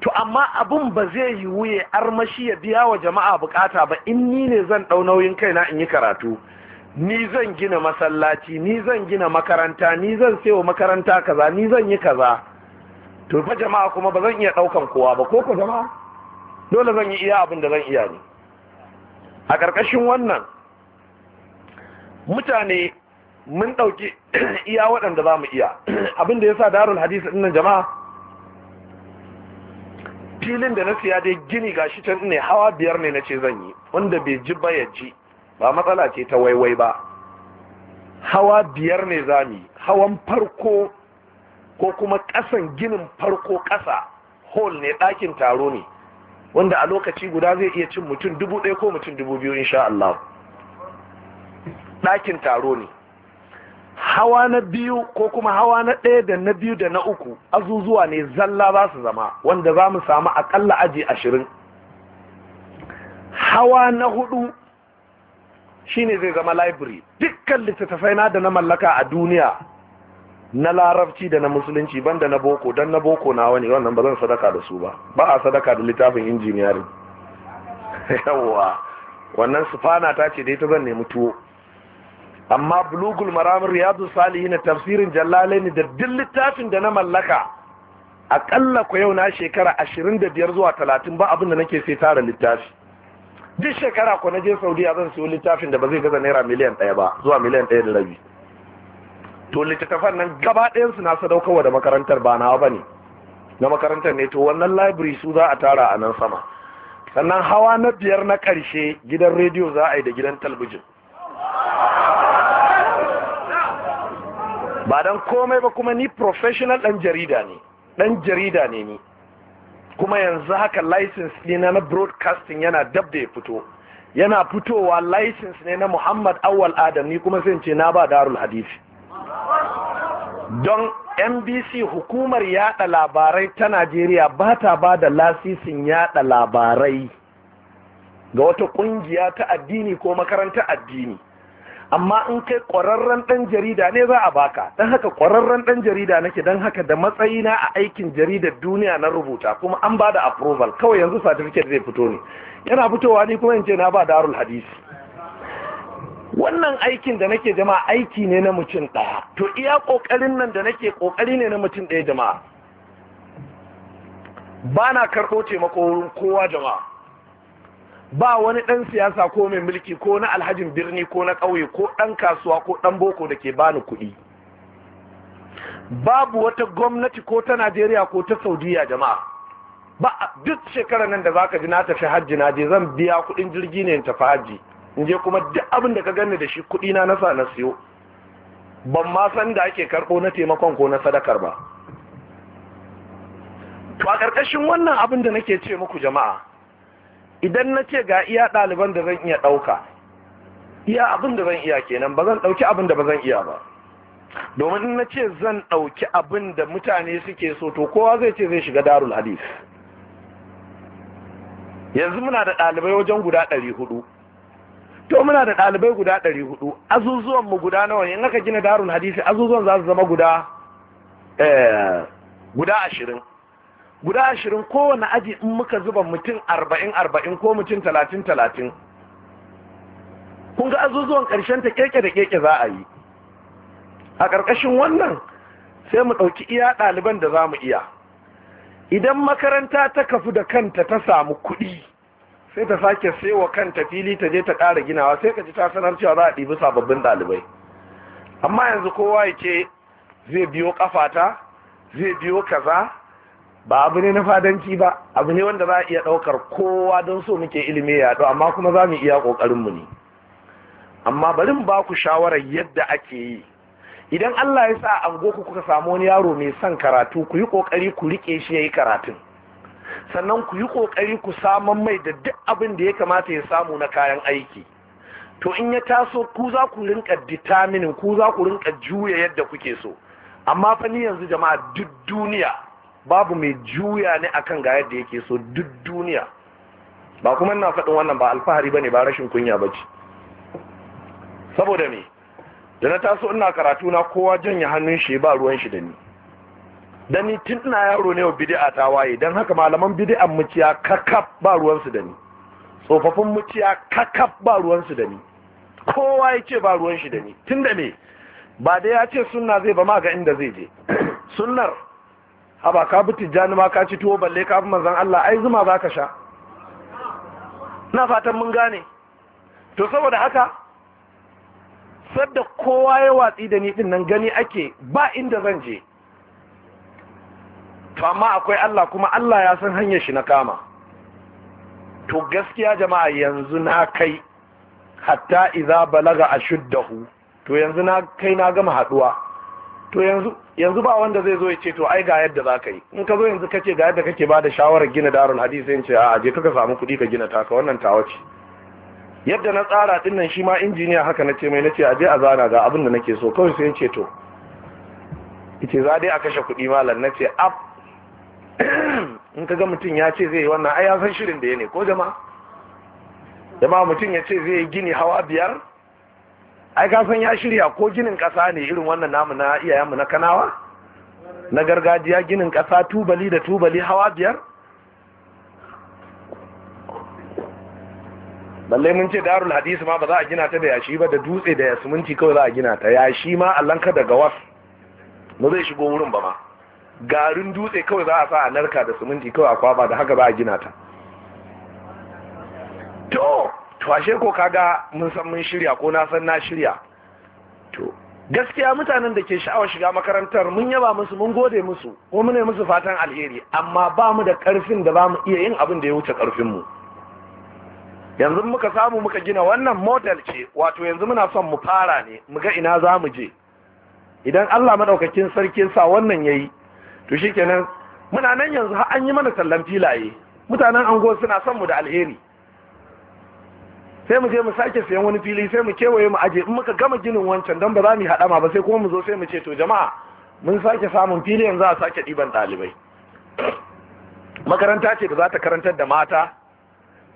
to amma abin ba zai yi wuye armashi ya biya wa jama'a bukata ba in ni ne zan ɗau nauyin kaina in yi karatu ni zan gina masallaci ni zan gina makaranta ni zan sayo makaranta kaza ni zan yi kaza to fa jama'a kuma ba zan iya ɗaukan kowa ba ko ku jama'a dole zan yi iya abin da zan iya ne a ƙarƙashin wannan mutane mun ɗauki [CLEARS THROAT] iya waɗanda za mu iya [CLEARS THROAT] abinda ya sa darul hadisi ɗinnan jama'a filin da na siya dai gini ga shi can ne hawa biyar ne na ce zan yi wanda bai ji ba ya ji ba matsala ce ta waiwai ba hawa biyar ne za mu yi hawan farko ko kuma ƙasan ginin farko ƙasa hall ne ɗakin taro ne wanda a lokaci guda zai iya cin mutum dubu ɗaya ko mutum dubu biyu insha Allah ɗakin taro ne hawa na biyu ko kuma hawa na ɗaya da na biyu da na uku azuzuwa ne zalla ba su zama wanda za mu samu aƙalla aji ashirin hawa na hudu shine zai zama library dukkan littattafai na da na mallaka a duniya na larabci da na musulunci banda na boko don na boko na wani wannan ba zan sadaka da su ba ba a sadaka da littafin injiniyarin [LAUGHS] yawwa wannan sufana ta ce dai ta zan nemi tuwo amma bulugul maramin riyadu salihin tafsirin jallalai ne da duk littafin da na mallaka akalla ko yau na shekara ashirin da biyar zuwa talatin ba abin da nake sai tara littafi duk shekara ko na je saudiya zan siyo littafin da ba zai gaza naira miliyan ɗaya ba zuwa miliyan ɗaya da rabi to littattafan nan gaba ɗayansu na sadaukarwa da makarantar ba nawa ba ne na makarantar ne to wannan library su za a tara a nan sama sannan hawa na biyar na ƙarshe gidan rediyo za a yi da gidan talbijin ba don komai ba kuma ni professional ɗan jarida ne ɗan jarida ne ni kuma yanzu haka license ne na broadcasting yana dab da ya fito yana fitowa license ne na muhammad awal adam ni kuma sai ce na ba darul hadith don mbc hukumar yada labarai ta najeriya ba ta ba da lasisin yada labarai ga wata kungiya ta addini ko makarantar addini amma in kai ƙwararren ɗan jarida ne za a baka don haka ƙwararren ɗan jarida nake don haka da matsayina a aikin jaridar duniya na rubuta kuma an ba da approval kawai yanzu certificate zai fito ne yana fitowa ni kuma in ce na ba darul hadisi wannan aikin da nake jama'a aiki ne na mutum ɗaya to iya ƙoƙarin nan da nake ƙoƙari ne na mutum ɗaya jama'a ba na karɓo taimako wurin kowa jama'a ba wani ɗan siyasa ko mai mulki ko na alhajin birni ko na ƙauye ko ɗan kasuwa ko ɗan boko da ke bani kuɗi babu wata gwamnati ko ta najeriya ko ta saudiya jama'a ba duk shekarar nan da zaka ji na tafi hajji na je zan biya kuɗin jirgi ne in tafi hajji in je kuma duk abin da ka gani da shi kuɗi na nasa na siyo ban ma san da ake karɓo na taimakon ko na sadakar ba to a ƙarƙashin wannan abin da nake ce muku jama'a idan na ce ga iya ɗaliban da zan iya ɗauka iya abin da zan iya kenan ba zan ɗauki abin da ba zan iya ba domin in na ce zan ɗauki abin da mutane suke so to kowa zai ce zai shiga darul hadis yanzu muna da ɗalibai wajen guda ɗari hudu to muna da ɗalibai guda ɗari hudu azuzuwan mu guda nawa ne in aka gina darul hadisi azuzuwan za su zama guda eh, guda ashirin guda ashirin kowane aji in muka zuba mutum arba'in arba'in ko mutum talatin talatin kun ga azuzuwan ƙarshen ta keke da keke za a yi a ƙarƙashin wannan sai mu ɗauki iya ɗaliban da za mu iya idan makaranta ta kafu da kanta ta samu kuɗi sai ta sake saiwa kanta fili ta je ta ƙara ginawa sai ka ji ta sanar cewa za a ɗibi sababbin ɗalibai amma yanzu kowa ya ce zai biyo ƙafata zai biyo kaza ba abu ne na fadanci ba abu ne wanda za a iya ɗaukar kowa don so muke ilimi ya to amma kuma za mu iya ƙoƙarinmu ne amma bari mu ba ku shawarar yadda ake yi idan Allah ya sa an ku kuka samu wani yaro mai son karatu ku yi ƙoƙari ku rike shi yayi yi karatun sannan ku yi ƙoƙari ku saman mai da duk abin da ya kamata ya samu na kayan aiki to in ya taso ku za ku rinka determining ku za ku rinka juya yadda kuke so amma fa ni yanzu jama'a duk duniya babu mai juya ne akan ga yadda yake so duk duniya ba kuma ina faɗin wannan ba alfahari ba ne ba rashin kunya ba ce. saboda me da na taso ina karatu na kowa janye hannun shi ba ruwan shi da ni da ni tun ina yaro ne wa bid'a ta waye don haka malaman bidi'an muciya kakaf ba ruwan da ni tsofaffin muciya kakaf ba ruwan su da ni kowa ya ce ba ruwan shi da ni tun da me ba da ya ce sunna zai ba ma ga inda zai je [CLEARS THROAT] sunnar haba ka bi tijjani ma ka ci tuwo balle ka bi manzan Allah ai zuma za ka sha na fatan mun gane to saboda haka sadda kowa ya watsi da ni din nan gani ake ba inda zan je to amma akwai Allah kuma Allah ya san hanyar shi na kama to gaskiya jama'a yanzu na kai hatta iza balaga ashuddahu to yanzu na kai na gama haduwa to yanzu ba wanda zai zo ya ce to ai ga yadda za ka yi in ka zo yanzu ka ce ga yadda kake ba da shawarar gina darul hadis sai ce a je kaka samu kuɗi ka gina ta ka wannan tawa ce yadda na tsara din nan shi ma injiniya haka na ce mai na ce a je a zana ga abin da nake so kawai sai ce to ce za dai a kashe kuɗi malam na ce in ka ga mutum ya ce zai yi wannan ai ya san shirin da ya ne ko jama'a jama'a mutum ya ce zai yi gini hawa biyar ai ka san ya shirya ko ginin ƙasa ne irin wannan namu na iyayenmu na kanawa na gargajiya ginin ƙasa tubali da tubali hawa biyar balle mun ce darul hadisi ma ba za a gina ta da yashi ba da dutse da yasminci kawai za a gina ta yashi ma allanka daga was Mu zai shigo wurin ba ma garin dutse kawai za a sa a narka da siminti kawai a kwaba da haka za a gina ta to to ashe ko kaga mun san mun shirya ko na san na shirya to gaskiya mutanen da ke sha'awar shiga makarantar mun yaba musu mun gode musu ko mun musu fatan alheri amma ba mu da karfin da ba mu iya yin abin da ya wuce karfin mu yanzu muka samu muka gina wannan model ce wato yanzu muna son mu fara ne mu ga ina za mu je idan Allah madaukakin sarki sa wannan yayi to shikenan muna nan yanzu har an yi mana tallan filaye mutanen ango suna son mu da alheri sai mu je mu sake siyan wani fili sai mu kewaye mu aje in muka gama ginin wancan don ba za mu yi hadama ba sai kuma mu zo sai mu ce to jama'a mun sake samun fili yanzu a sake ɗiban ɗalibai makaranta ce da za ta karantar da mata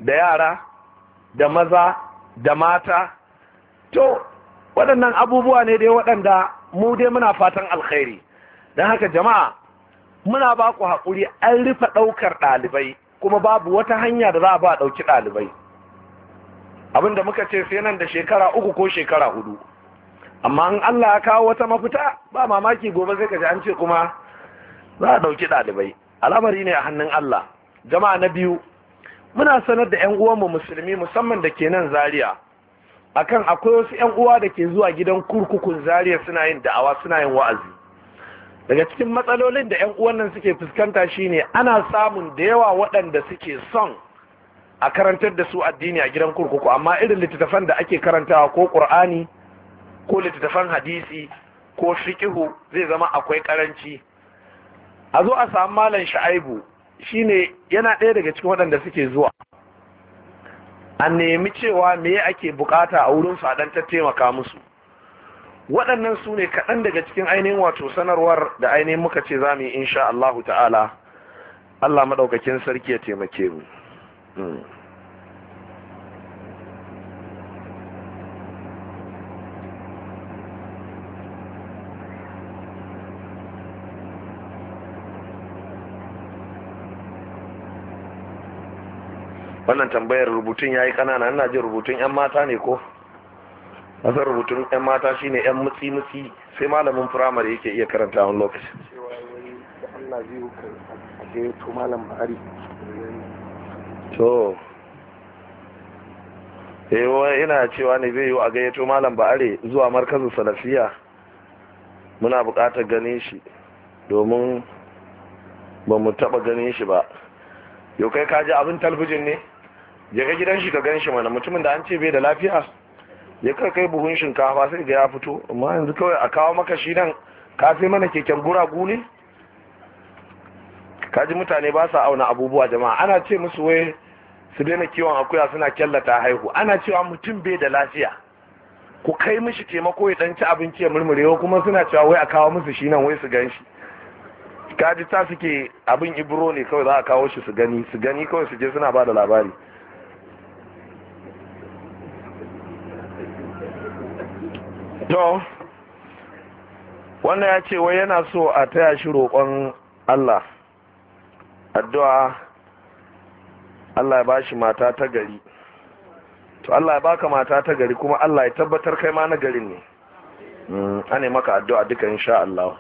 da yara da maza da mata to waɗannan abubuwa ne dai waɗanda mu dai muna fatan alkhairi don haka jama'a muna ba ku haƙuri an rufe ɗaukar ɗalibai kuma babu wata hanya da za a ba a ɗauki ɗalibai abinda muka ce sai nan da shekara uku ko shekara hudu amma in Allah ya kawo wata mafita ba mamaki gobe zai kaji an ce kuma za a ɗauki ɗalibai al'amari ne a hannun Allah jama'a na biyu muna sanar da yan uwanmu musulmi musamman da ke nan Zaria akan akwai wasu yan uwa da ke zuwa gidan kurkukun Zaria suna yin da'awa suna yin wa'azi daga cikin matsalolin da yan uwan nan suke fuskanta shine ana samun da yawa waɗanda suke son a karantar da su addini a gidan kurkuku amma irin littattafan da ake karantawa ko ƙur'ani ko littattafan hadisi ko fiƙihu zai zama akwai karanci a zo a samu malam sha'aibu shine yana ɗaya daga cikin waɗanda suke zuwa a nemi cewa me ake bukata a wurin su dan ta taimaka musu waɗannan su ne kaɗan daga cikin ainihin wato sanarwar da ainihin muka ce za mu yi insha Allahu ta'ala Allah maɗaukakin sarki ya taimake mu Hmm. wannan tambayar rubutun ya yi kanana ina jin rubutun 'yan mata ne ko nasar rubutun 'yan mata shi ne 'yan mutsi-mutsi sai malamin firamare yake iya karanta wani lokaci cewa da allah biyu a malam to ewa eh, ina cewa ne zai yi a gayyato malam ba'are zuwa markazin salafiya muna buƙatar ganin shi domin ba mu taɓa ganin shi ba yau kai ka abin talbijin ne ya ga gidan shi ka gan shi mana mutumin da an ce bai da lafiya ya kai kai buhun shinkafa sai ga ya fito amma yanzu kawai a kawo maka shi nan ka sai mana keken guragu ne kaji mutane ba sa auna abubuwa jama'a ana ce musu wai su daina kiwon akuya suna kyallata haihu ana cewa mutum bai da lafiya ku kai mishi taimako ya ci abinci ya murmurewa kuma suna cewa wai a kawo musu shi nan wai su gan shi kaji ta suke abin ibro ne kawai za a kawo shi su gani su gani kawai su je suna ba da labari to wannan ya ce wai yana so a taya shi roƙon Allah addu'a Allah ya bashi mata ta gari to Allah ya baka mata ta gari kuma Allah ya tabbatar kai ma na garin ne mm, an ne maka addu'a duka insha Allah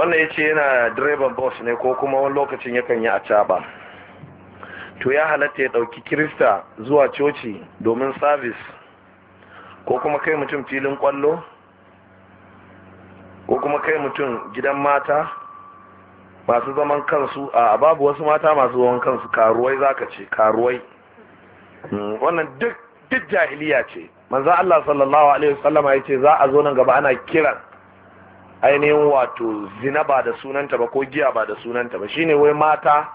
wannan ya ce yana direban bus ne ko kuma wani lokacin yakan yi a caba to ya halatta ya ɗauki kirista zuwa coci domin sabis ko kuma kai mutum filin kwallo ko kuma kai mutum gidan mata masu zaman kansu a babu wasu mata masu zaman kansu karuwai za ka ce karuwai hmm, wannan duk jahiliya ce manzan Allah sallallahu Alaihi wasallama ya ce za a zo nan gaba ana kiran ainihin wato zina ba da sunanta ba ko giya ba da sunanta ba shine wai mata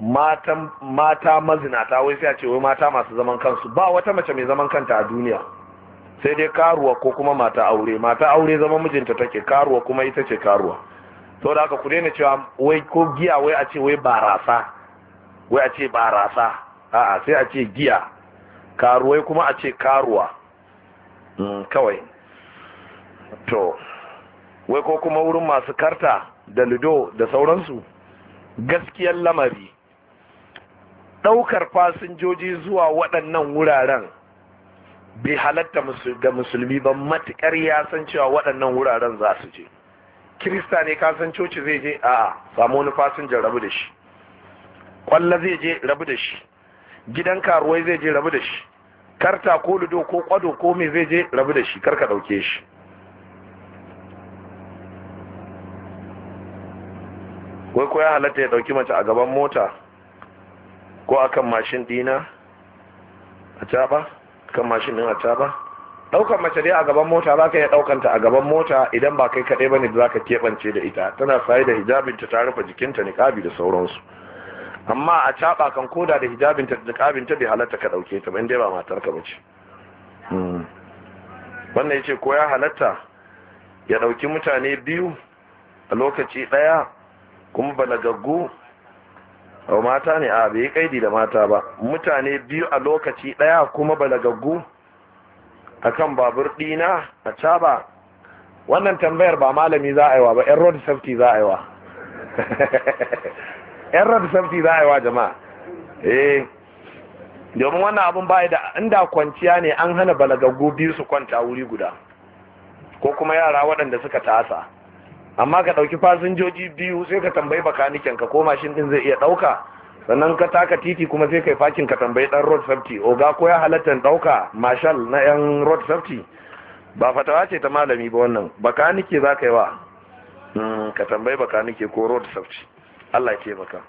mata mata mazinata wai sai a ce wai mata masu zaman kansu ba wata mace mai zaman kanta a duniya sai dai karuwa ko kuma mata aure mata aure zaman mijinta take karuwa kuma ita ce karuwa to da haka ku daina cewa wai ko giya wai a ce wai barasa wai a ce barasa a'a sai a ce giya karuwai kuma a ce karuwa hmm, kawai to wai ko kuma wurin masu karta da lido da sauransu gaskiyar lamari ɗaukar fasinjoji zuwa waɗannan wuraren bai halatta ga musulmi ba matuƙar ya san cewa waɗannan wuraren za su je kirista ne kasan coci zai je a samu wani fasinjan rabu da shi Ƙwallo zai je rabu da shi gidan karuwai zai je rabu da shi karta ko ludo ko ƙwado, ko me zai je rabu da shi karka ɗauke shi wai ko ya halatta ya dauki mace a gaban mota ko akan mashin dina a caba, kan mashin din a caba? daukan mace dai a gaban mota Ba ka ya daukanta a gaban mota idan ba kai kaɗai bane da za ka keɓance da ita tana saye da hijabinta ta rufe jikinta niƙabi da sauransu amma a caba kan koda da hijabinta da ta bai halatta ka dauke ta ba inda ba matar ka bace hmm. wannan yace ko ya halatta ya dauki mutane biyu a lokaci daya kuma balagaggu mata ne a bai kaidi da mata ba mutane biyu a lokaci daya kuma balagaggu kan babur dina a caba wannan tambayar ba malami za a yi wa ba yan road safety za a yi wa [LAUGHS] yan road safety za a yi wa jama'a eh domin wannan abin baya da inda kwanciya ne an hana balagaggu biyu su kwanta wuri guda ko kuma yara waɗanda suka tasa amma ka ɗauki fasinjoji biyu sai ka tambayi bakanikin ka ko mashin din zai iya ɗauka sannan ka taka titi kuma sai kai fakin ka tambayi ɗan road safety oga ko ya halatta ɗauka marshal na yan road safety ba fatawa ce ta malami ba wannan bakanike za ka yi wa hmm, ka tambayi bakanike ko road safety Allah ya taimaka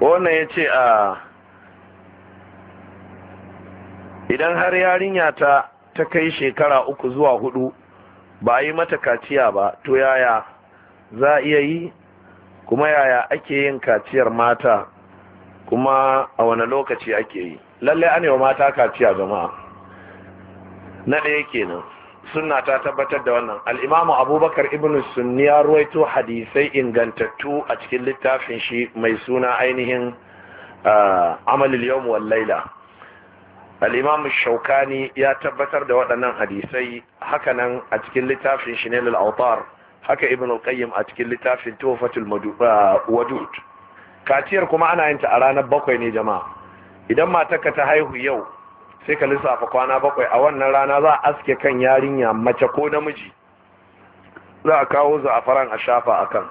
wannan ya ce a ah, idan har yarinya ta ta kai shekara uku zuwa hudu ba a yi mata kaciya ba to yaya za a iya yi kuma yaya ake yin kaciyar mata kuma a wani lokaci ake yi lallai an wa mata kaciya jama'a na ɗaya kenan sunna ta tabbatar da wannan al'imamu abubakar ibn sunni ya ruwaito hadisai ingantattu a cikin littafin shi mai suna ainihin ah, amalil yawm wal laila al-imam shaukani ya tabbatar da waɗannan hadisai hakanan a cikin littafin shi ne haka ibn al-qayyim a cikin littafin tuhfatul uh, wadud kaciyar kuma ana yin ta a ranar bakwai ne jama'a idan ka ta haihu yau sai ka lissafa kwana bakwai a wannan rana za a aske kan yarinya mace ko namiji za a kawo za'afaran a shafa a kan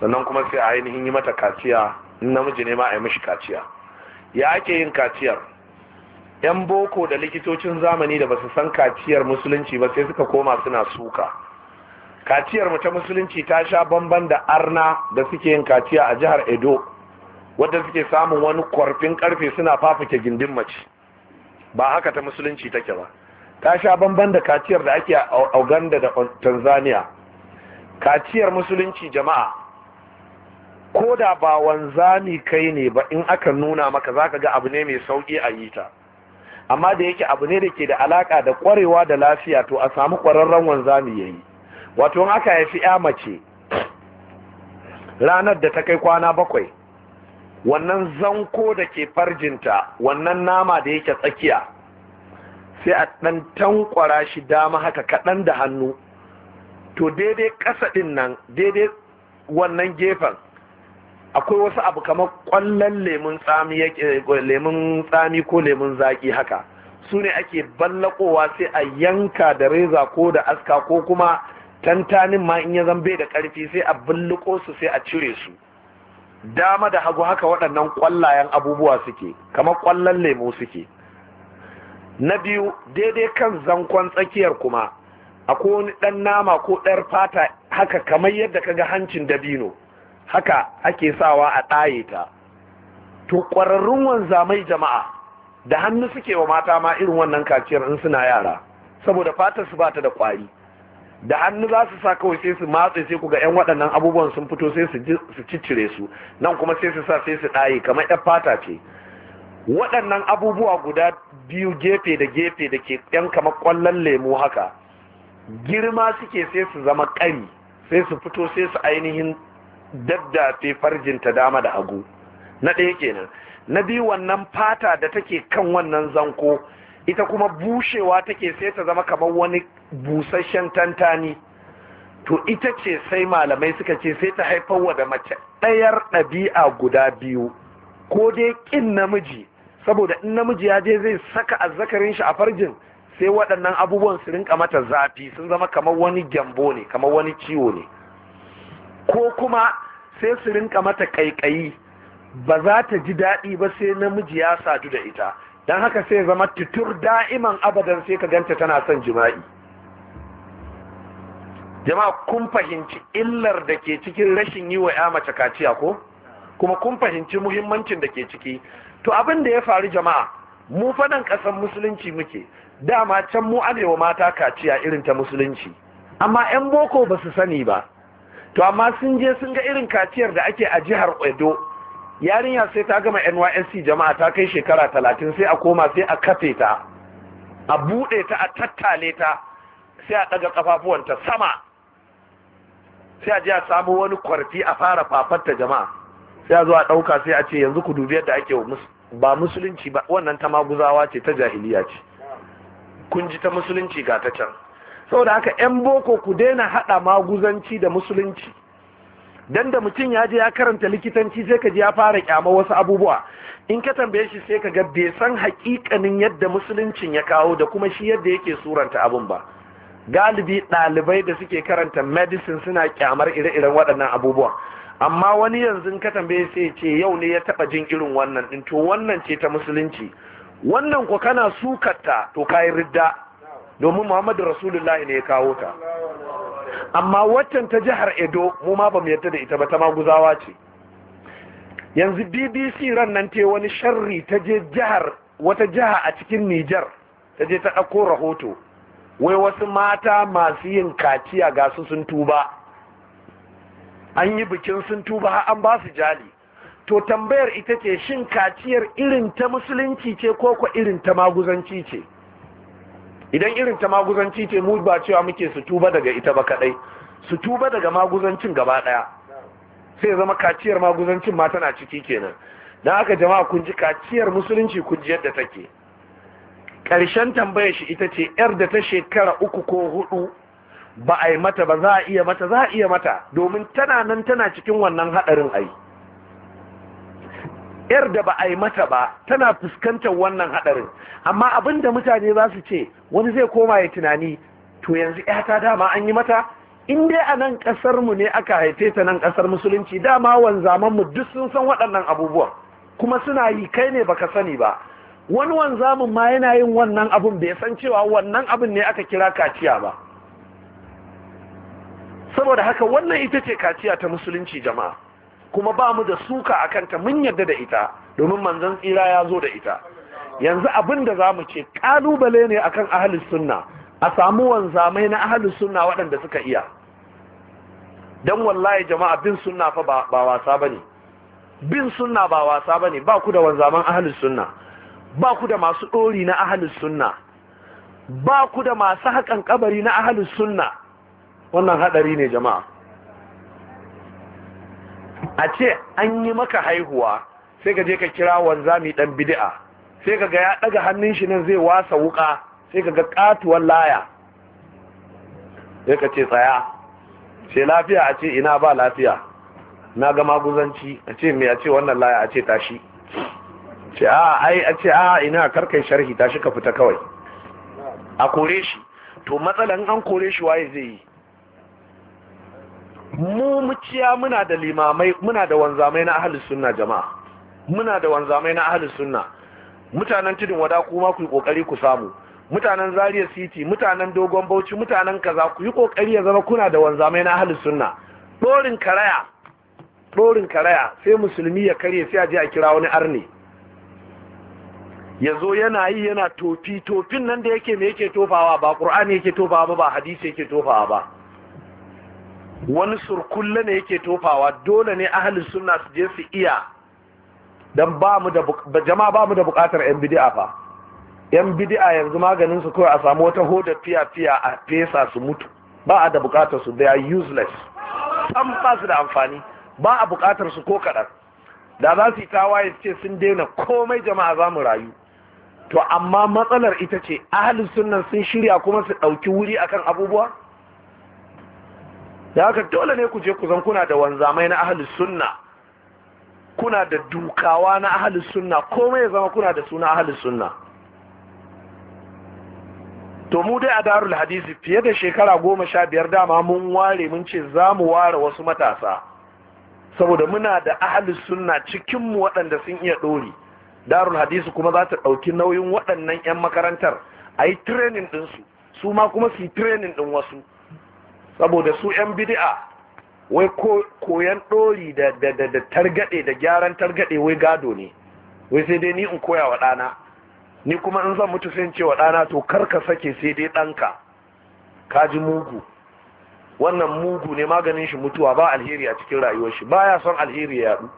sannan kuma sai a ainihin yi mata kaciya namiji ne ma a yi mishi kaciya ya ake yin kaciyar yan boko da likitocin zamani da basu san kaciyar musulunci ba sai suka koma suna suka kaciyar mu ta musulunci ta sha bamban da arna da suke yin kaciya a jihar edo wadda suke samun wani kwarfin karfe suna fafike gindin mace ba haka ta musulunci take ba ta sha bamban da kaciyar da ake a uganda da tanzania kaciyar musulunci jama'a ko da ba wanzani kai ne ba in aka nuna maka zaka ga abu ne mai sauki a yi ta amma da yake abu ne da ke da alaka da kwarewa da lafiya to a samu kwararren wanzami yayi wato haka aka fi ya mace ranar da ta kai kwana bakwai wannan zanko da ke farjinta wannan nama da yake tsakiya sai a ɗan tankwara shi dama haka kaɗan da hannu to daidai ƙasa ɗin nan daidai wannan gefen akwai wasu abu kamar kwallon lemun tsami ko lemun zaƙi haka su ne ake ballakowa sai a yanka da reza ko da aska ko kuma tantanin ma in ya zambe da ƙarfi sai a bulluko su sai a cire su dama da hagu haka waɗannan ƙwallayen abubuwa suke kamar ƙwallon lemo suke na biyu daidai kan zankon tsakiyar kuma akwai wani ɗan nama ko ɗar fata haka kamar yadda kaga hancin dabino haka ake sawa a ɗaye ta to ƙwararrun wanzamai jama'a da hannu suke wa mata ma irin wannan kaciyar in suna yara saboda fatar su bata da ƙwari da hannu za su sa kawai sai su matse sai kuga yan waɗannan abubuwan sun fito sai su ciccire su nan kuma sai su sa sai su ɗaye kamar yan fata ce waɗannan abubuwa guda biyu gefe da gefe da ke yan kamar ƙwallon lemu haka girma suke sai su zama ƙari sai su fito sai su ainihin daddafe farjinta dama da hagu na ɗaya kenan na biyu wannan fata da take kan wannan zanko ita kuma bushewa take sai ta zama kamar wani busasshen tantani to ita ce sai malamai suka ce sai ta haifar wa da mace ɗayar ɗabi'a guda biyu ko dai ƙin namiji saboda in namiji ya je zai saka azzakarin shi a farjin sai waɗannan abubuwan su rinka mata zafi sun zama kamar wani gyambo ne kamar wani ciwo ne ko kuma sai su rinka mata kaikayi ba za ta ji daɗi ba sai namiji ya sadu da ita don haka sai zama tutur da'iman abadan sai ka ganta tana son jima'i jama'a kun fahimci illar da ke cikin rashin yi wa 'ya mace kaciya ko kuma kun fahimci muhimmancin da ke ciki to abin da ya faru jama'a mu faɗan ƙasar musulunci muke dama can mu arewa mata kaciya irin ta musulunci amma 'yan boko ba su sani ba to amma sun je sun ga irin kaciyar da ake a jihar edo yarinya sai ta gama nysc jama'a ta kai shekara talatin sai a koma sai a kafe ta a buɗe ta a tattale ta sai a ɗaga kafafuwanta sama sai a je a samu wani kwarfi a fara fafarta jama'a sai a zo a ɗauka sai a ce yanzu ku dubi yadda ake ba musulunci ba wannan ta maguzawa ce ta jahiliya ce kun ji ta musulunci ga ta can Sau da haka 'yan boko ku daina haɗa maguzanci da musulunci dan da mutum ya je ya karanta likitanci sai ka ji ya fara kyama wasu abubuwa in ka tambaye shi sai ka ga bai san haƙiƙanin yadda musuluncin ya kawo da kuma shi yadda yake suranta abun ba galibi ɗalibai da suke karanta medicine suna kyamar ire-iren waɗannan abubuwa amma wani yanzu ka tambaye sai ce yau ne ya taɓa jin irin wannan ɗin to wannan ce ta musulunci wannan ko kana sukarta to kayi ridda domin muhammadu rasulullahi ne ya kawo ta amma waccan ta jihar edo mu ma ba mu yarda da ita ba ta maguzawa ce yanzu bbc ran nan te wani sharri ta je jihar wata jiha a cikin nijar ta je ta ɗauko rahoto wai wasu mata masu yin kaciya ga su sun tuba an yi bikin sun tuba har an ba su jali to tambayar ita ce shin kaciyar irin ta musulunci ce ko ko irin ta maguzanci ce idan irin ta maguzanci ce mu ba cewa muke su tuba daga ita ba kadai su tuba daga maguzancin gaba daya sai zama kaciyar maguzancin ma tana ciki kenan dan haka jama'a kun ji kaciyar musulunci kun ji yadda take karshen tambayar shi ita ce yar da ta shekara uku ko hudu ba a yi mata ba za a iya mata za a iya mata domin tana nan tana cikin wannan hadarin ai yar da ba a yi mata ba tana fuskantar wannan haɗarin amma abin da mutane za su ce wani zai koma ya tunani to yanzu ta dama an yi mata in dai a nan ƙasar mu ne aka haife ta nan ƙasar musulunci dama wanzaman mu duk sun san waɗannan abubuwan kuma suna yi kai ne baka sani ba wani wanzamin ma yana yin wannan abun bai san cewa wannan abun ne aka kira kaciya ba saboda haka wannan ita ce kaciya ta musulunci jama'a kuma ba mu da suka a kanta mun yarda da ita domin manzan tsira ya zo da ita yanzu abin da za mu ce kalubale ne akan ahalus sunna a samu wanzamai na ahalus sunna waɗanda suka iya don wallahi jama'a bin sunna fa ba wasa ba ne bin sunna ba wasa ba ne ba ku da wanzaman ahalus sunna ba ku da masu ɗori na ahalus sunna ba ku da masu haƙan ƙabari na ahalus sunna wannan haɗari ne jama'a a ce an yi maka haihuwa sai ka je ka kira wanzami dan bid'a sai ka ga ya daga hannun shi nan zai wasa wuka sai ka ga katuwar laya sai ka ce tsaya sai lafiya a ce ina ba lafiya na ga maguzanci a ce me a ce wannan laya a ce tashi ce a ai a ce a ina karkai sharhi tashi ka fita kawai a kore shi to matsalan an kore shi waye zai yi mu muciya muna da limamai muna da wanzamai na ahlus sunna jama'a muna da wanzamai na ahlus sunna mutanen tudun wada kuma ku yi kokari ku samu mutanen Zaria City mutanen Dogon Bauchi mutanen kaza ku yi kokari ya zama kuna da wanzamai na ahlus sunna dorin karaya dorin karaya sai musulmi ya kare sai a je a kira wani arne ya yana yi yana tofi tofin nan da yake me yake tofawa ba qur'ani yake tofawa ba hadisi yake tofawa ba wani surkulle ne yake tofawa dole ne ahalin suna su je su iya don da jama'a ba mu da bukatar yan bidi'a fa yan bidi'a yanzu maganin su kawai a samu wata hodar fiya fiya a fesa su mutu ba a da bukatar su they are useless an ba su da amfani ba a bukatar su ko kaɗan da za su yi tawaye ce sun daina komai jama'a za mu rayu to amma matsalar ita ce ahalin sunan sun shirya kuma su ɗauki wuri akan abubuwa da haka dole ne ku je ku zan kuna da wanzamai na ahalus sunna kuna da dukawa na ahalus sunna komai ya zama kuna da suna ahalus sunna to mu dai a darul hadisi fiye da shekara goma sha biyar dama mun ware mun ce za mu ware wasu matasa saboda muna da ahalus sunna cikinmu waɗanda sun iya ɗori darul hadisi kuma za ta ɗauki nauyin waɗannan 'yan makarantar a yi training ɗinsu su ma kuma su yi training ɗin wasu saboda su 'yan bidi'a, wai koyan ɗori da targaɗe da gyaran targaɗe wai gado ne wai sai dai ni in koya wa ɗana ni kuma in zan mutu sai ce wa ɗana to kar ka sake sai dai ɗanka ka ji mugu wannan mugu ne maganin shi mutuwa ba alheri a cikin rayuwar shi baya son alheri ya yaɗu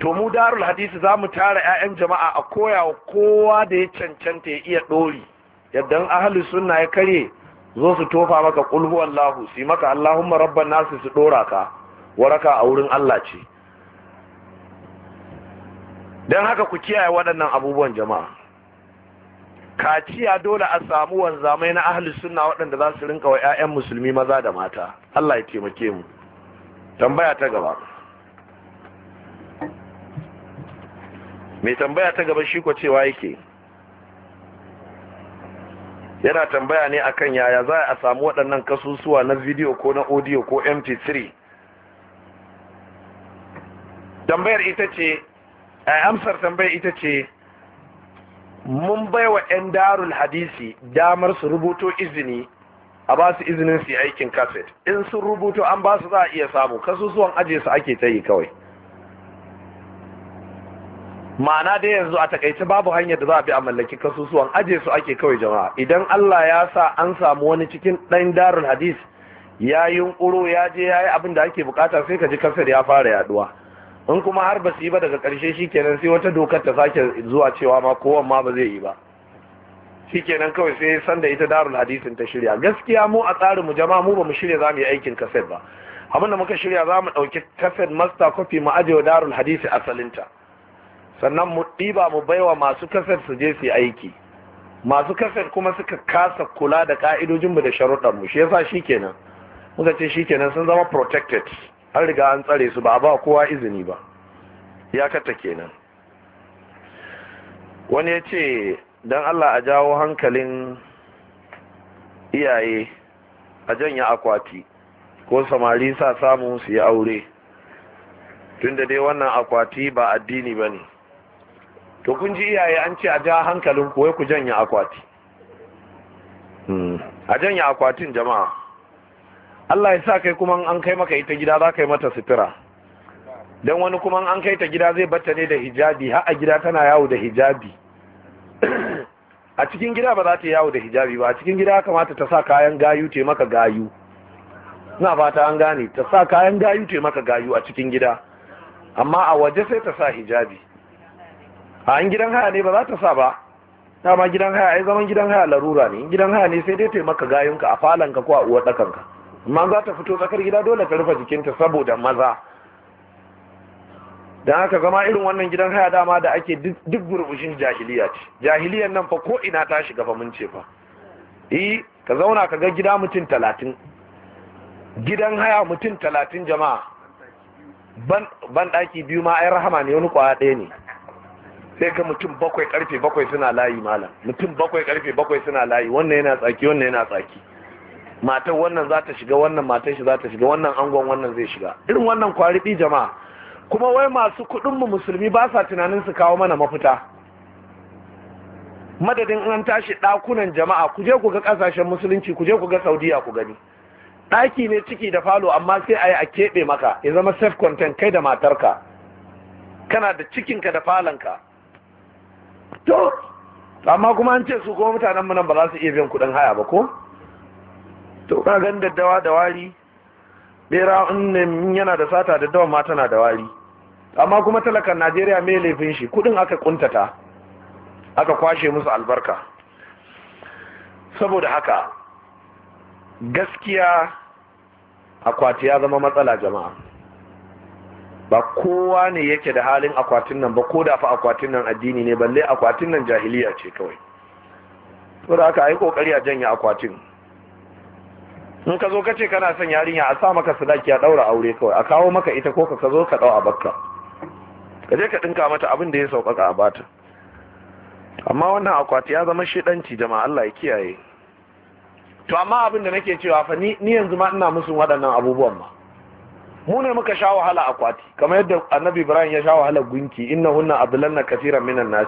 to mu darul hadisi za mu tara 'ya'yan jama'a a koya wa kowa da ya cancanta ya iya ɗori yadda ahalus sunna ya karye zo su tofa maka kulhu Allahu su maka Allahumma rabban nasu su dora ka waraka a wurin Allah ce don haka ku kiyaye waɗannan abubuwan jama'a kaciya dole a samu wanzamai na ahli sunna waɗanda za su rinka wa 'ya'yan musulmi maza da mata Allah ya taimake mu tambaya ta gaba mai tambaya ta gaba shi ko cewa yake yana tambaya ne akan yaya za a samu waɗannan kasusuwa na video ko na audio ko mp 3 tambayar ita ce a amsar tambayar ita ce mun baiwa 'yan darul hadisi damar su rubuto izini a ba su izinin su yi aikin kaset in sun rubuto an ba su za a iya samu kasusuwan ajiye su ake ta yi kawai ma'ana dai yanzu a takaice babu hanyar da za a bi a mallaki kasusuwan aje su ake kawai jama'a idan Allah ya sa an samu wani cikin ɗan darul hadis ya yunƙuro ya je ya yi abin da ake bukata sai ka ji kasar ya fara yaduwa in kuma har ba su yi ba daga ƙarshe shikenan sai wata dokar ta sake zuwa cewa ma kowan ma ba zai yi ba shikenan kawai sai san da ita darul hadisin ta shirya gaskiya mu a tsarin mu jama'a mu ba mu shirya za mu yi aikin kaset ba abin da muka shirya za mu ɗauki kaset master copy mu ajiye wa darul hadisi asalinta sannan mu ɗiba mu baiwa masu kasar su je su aiki masu kasar kuma suka kasa kula da mu da mu shi yasa shi kenan muka ce shi kenan sun zama protected an riga an tsare su ba a ba kowa izini ba ya kata kenan wani ya ce don allah a jawo hankalin iyaye a janya akwati ko samari sa samu su yi aure tunda dai wannan akwati ba addini ba ne to kun ji iyaye an ce a ja hankalin ku wai ku janya akwati hmm. a janya akwatin jama'a Allah ya sa kai kuma an kai maka ita gida za ka yi mata sutura don wani kuma an kai ta gida zai batta ne da hijabi har a gida tana yawo da hijabi a cikin gida ba za ta yawo da hijabi ba a cikin gida ya kamata ta sa kayan gayu te maka gayu na fata an gane ta sa kayan gayu te maka gayu a cikin gida amma a waje sai ta sa hijabi a an gidan haya ne ba za ta sa ba dama gidan haya ai zaman gidan haya larura ne gidan haya ne sai dai ta taimaka gayunka a falanka ko a uwar ɗakanka amma za ta fito tsakar gida dole ta rufe jikinta saboda maza don haka zama irin wannan gidan haya dama da ake duk burbushin jahiliya ce jahiliyan nan fa ko ina ta shiga fa mun ce fa eh ka zauna ka ga gida mutum talatin gidan haya mutum talatin jama'a ban ɗaki biyu ma ai rahama ne wani kwaya ɗaya ne sai ka mutum bakwai karfe bakwai suna layi malam mutum bakwai karfe bakwai suna layi wannan yana tsaki wannan yana tsaki matar wannan za ta shiga wannan matan shi za ta shiga wannan angon wannan zai shiga irin wannan kwaribi jama'a kuma wai masu kuɗinmu musulmi ba sa tunanin su kawo mana mafita madadin an tashi ɗakunan jama'a ku je ku ga ƙasashen musulunci ku je ku ga saudiya ku gani ɗaki ne ciki da falo amma sai a yi a keɓe maka ya zama safe content kai da matarka kana da cikinka da falonka to amma kuma an ce su kuma mutanen nan ba za su iya biyan kudin haya ba ko to ka daddawa da wari bera in yana da sata daddawa ma tana da wari amma kuma talakan Najeriya mai laifin shi kudin aka kuntata aka kwashe musu albarka saboda haka gaskiya akwati ya zama matsala jama'a ba kowa ne yake da halin akwatin nan ba ko da fa akwatin nan addini ne balle akwatin nan jahiliya ce kawai to da aka yi kokari a janye akwatin in ka zo ka ce kana son yarinya a sa maka sadaki a daura aure kawai a kawo maka ita ko ka zo ka dau a bakka ka je ka dinka mata abin da ya sauƙaƙa a bata amma wannan akwati ya zama shedanci jama'a Allah ya kiyaye to amma abin da nake cewa fa ni yanzu ma ina musu waɗannan abubuwan ma mu ne muka sha wahala akwati kamar yadda annabi ibrahim ya sha wahala gunki inna hunna adlanna kaseeran minan nas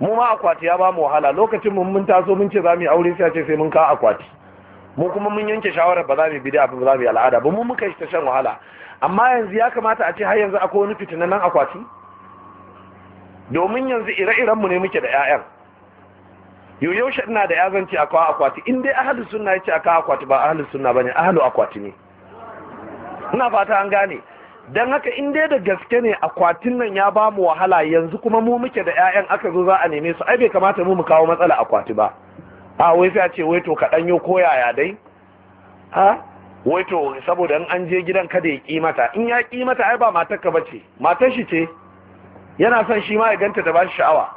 mu ma akwati ya bamu wahala lokacin mu mun taso mun ce zamu aure sai a ce sai mun ka akwati mu kuma mun yanke shawarar ba za mu bi da ba za mu yi al'ada ba mu muka yi ta shan wahala amma yanzu ya kamata a ce har yanzu akwai wani nan akwati domin yanzu ire-irenmu ne muke da 'ya'yan yau yaushe ina da yazanci akwai akwati in dai ahalu sunna ya ce akwai akwati ba ahalu sunna ne, ahalu akwati ne ina fata an gane don haka in dai da gaske ne akwatin nan ya ba mu wahala yanzu kuma mu muke da 'ya'yan aka zo za a neme su ai bai kamata mu mu kawo matsala akwati ba a wai sai a ce wai to kaɗan ko yaya dai ha wai to saboda in an je gidan kada ya kimata in ya kimata ai ba matar ka bace matar shi ce yana son shi ma ya ganta da bashi sha'awa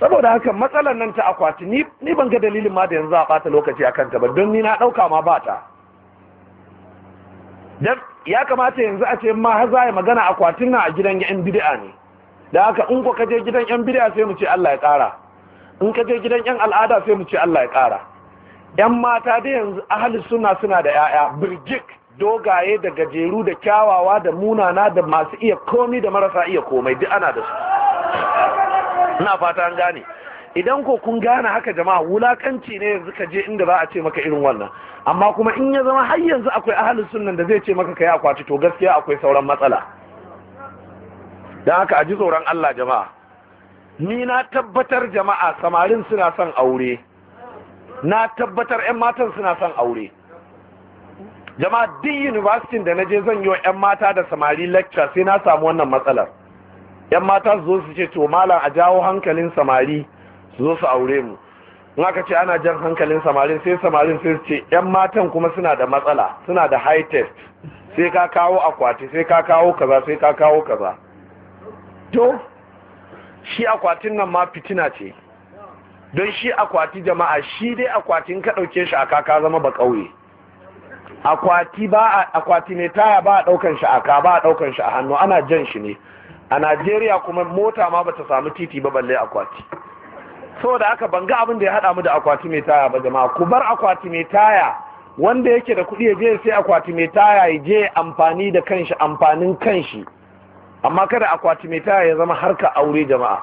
saboda haka matsalar nan ta akwati ni ban ga dalilin ma da yanzu a bata lokaci akan ta ba don ni na ɗauka ma ba ta dan ya kamata yanzu a ce ma har ya magana akwatin na a gidan yan bid'a ne da haka in ko kaje gidan yan bid'a sai mu ce Allah ya kara in kaje gidan yan al'ada sai mu ce Allah ya kara yan mata da yanzu ahli sunna suna da yaya Birgik, dogaye da gajeru da kyawawa da munana da masu iya komi da marasa iya komai duk ana da su ina fata an gane idan ko kun gane haka jama'a wulakanci ne yanzu ka je inda za a ce maka irin wannan amma kuma in ya zama har yanzu akwai ahalin sunnan da zai ce maka kai akwati to gaskiya akwai sauran matsala dan haka a ji tsoron Allah jama'a ni na tabbatar jama'a samarin suna son aure na tabbatar 'yan matan suna son aure jama'a din university da na je zan yi wa 'yan mata da samari lecture sai na samu wannan matsalar 'yan mata su zo su ce to malam a jawo hankalin samari zo su aure mu in aka ce ana jan hankalin samarin sai samarin sai ce yan matan kuma suna da matsala suna da high test sai ka kawo akwati sai ka kawo kaza sai ka kawo kaza to shi akwatin nan ma fitina ce don shi akwati jama'a shi dai akwatin ka ɗauke shi aka ka zama ba ƙauye akwati ba akwati ne taya ba a ɗaukan shi aka ba a shi a hannu ana jan shi ne a najeriya kuma mota ma bata samu titi ba balle akwati saboda aka ban ga abin da ya hada mu da akwati mai taya ba jama'a ku bar akwati mai taya wanda yake da kuɗi ya je sai akwati mai taya ya je amfani da kanshi amfanin kanshi amma kada akwati mai taya ya zama harka aure jama'a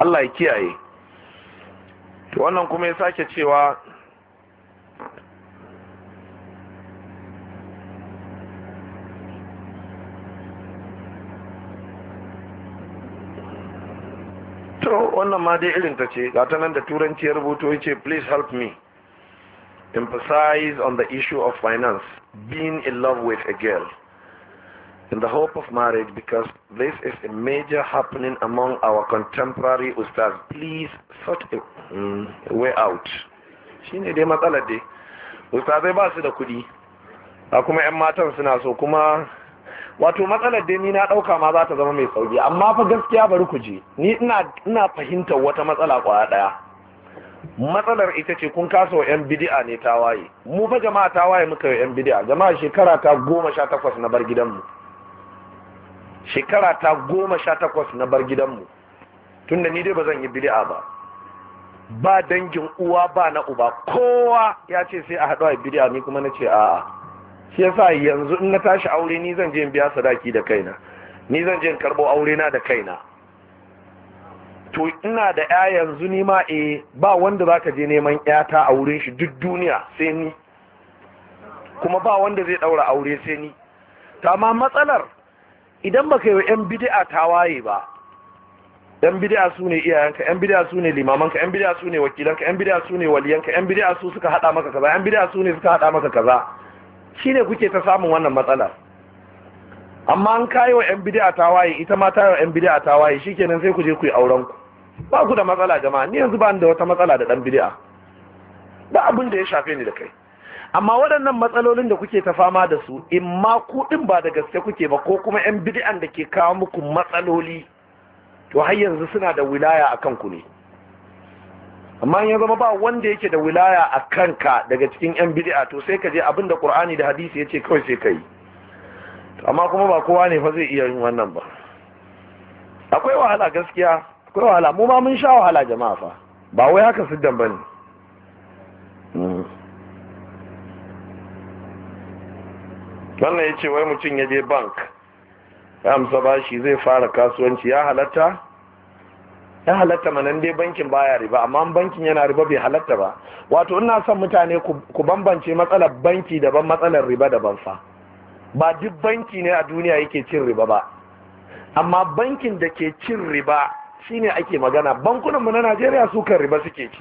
Allah ya kiyaye to wannan kuma ya sake cewa to wannan ma dai irin ta ce gata nan da turanci ya rubuto ya ce please help me emphasize on the issue of finance being in love with a girl in the hope of marriage because this is a major happening among our contemporary ustaz please sort a mm, way out shine dai matsalar dai ustazai ba su da kudi a kuma 'yan matan suna so kuma wato matsalar da ni na ɗauka ma za ta zama mai sauki amma fa gaskiya bari ku je ni ina ina fahimtar wata matsala kwaya ɗaya matsalar ita ce kun kasa wa yan bidi'a ne tawaye mu fa jama'a tawaye muka yi yan bidi'a jama'a shekara ta goma sha takwas na bar gidanmu shekara ta goma na bar gidanmu tunda ni dai bazan yi bidi'a ba ba dangin uwa ba na uba kowa ya ce sai a haɗu a bidi'a ni kuma na ce a'a shi yasa yanzu in na tashi aure ni zan je in biya sadaki da kaina ni zan je in karbo aure na da kaina to ina da ya yanzu ni ma eh ba wanda zaka je neman yata a wurin shi duk duniya sai ni kuma ba wanda zai daura aure sai ni ta ma matsalar idan baka yi yan bid'a tawaye ba yan bid'a su ne iyayenka yan bid'a su ne limamanka yan bid'a su ne wakilanka yan bid'a su ne waliyanka yan bid'a su suka hada maka kaza yan bid'a su ne suka hada maka kaza Shi ne kuke ta samun wannan matsala amma an kayo wa yan ta tawaye ita ma tayo yan bid'a tawaye kenan sai ku je ku yi auren ku ba ku da matsala jama'a ni yanzu ba da wata matsala da dan bidi'a. ba abin da ya shafe ni da kai amma waɗannan matsalolin da kuke ta fama da su in ma ku din ba da gaske kuke ba ko kuma yan bidi'an da ke kawo muku matsaloli to har yanzu suna da wilaya akan ku ne amma ya zama ba wanda yake da wilaya a kanka daga cikin yan bid'a to sai ka je abin da qur'ani da hadisi yace kawai sai kai amma kuma ba kowa ne fa zai iya yin wannan ba akwai wahala gaskiya akwai wahala mu ma mun sha wahala jama'a fa ba wai haka siddan bane hmm. wannan yace wai mutum ya je bank ya amsa bashi zai fara kasuwanci ya halatta ya halatta manan dai bankin baya riba amma bankin yana riba bai halatta ba wato ina son mutane ku bambance matsalar banki daban matsalar riba daban fa ba duk banki ne a duniya yake cin riba ba amma bankin da ke cin riba shine ake magana bankunan mu na Najeriya su kan riba suke ci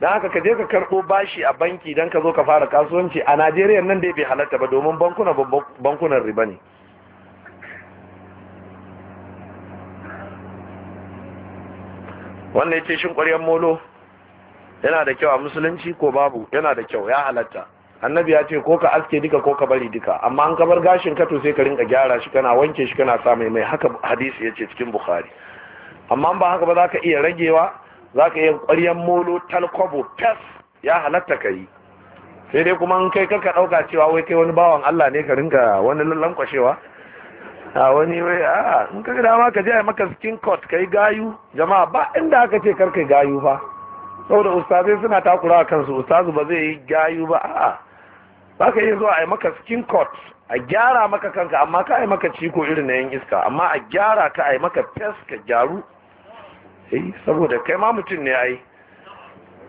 dan haka ka je ka karɓo bashi a banki idan ka zo ka fara kasuwanci a Najeriya nan dai bai halatta ba domin bankuna bankunan riba ne wannan ce shin ƙwaryan molo yana da kyau a musulunci ko babu yana da kyau ya halatta annabi ya ce ko ka aske duka ko ka bari duka amma an kabar gashin ka to sai ka rinka gyara shi kana wanke shi kana sa mai mai haka hadisi ya ce cikin bukhari amma ba haka ba za ka iya ragewa za ka iya ƙwaryan molo talkwabo tas ya halatta ka yi sai dai kuma kai kanka ɗauka cewa wai kai wani bawan allah ne ka rinka wani lankwashewa a wani wai a in kaga dama ka je a maka skin coat kai gayu jama'a ba inda aka ce kar kai gayu fa saboda ustazai suna takura a kansu ustazu ba zai yi gayu ba a ba ka yi zuwa a maka skin coat a gyara maka kanka amma ka a maka ciko irin na yan iska amma a gyara ka a maka fes ka gyaru eh saboda kai ma mutum ne ai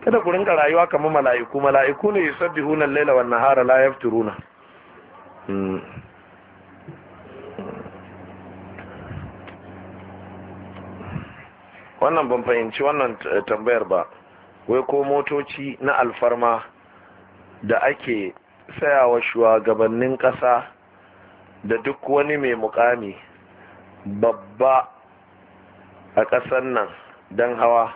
kada ku rinka rayuwa kamar mala'iku mala'iku ne yusabbihuna al-laila wan nahara la yafturuna hmm. wannan ban fahimci wannan eh, tambayar ba wai ko motoci na alfarma da ake sayawa shugabannin ƙasa da duk wani mai mukami babba a ƙasar nan don hawa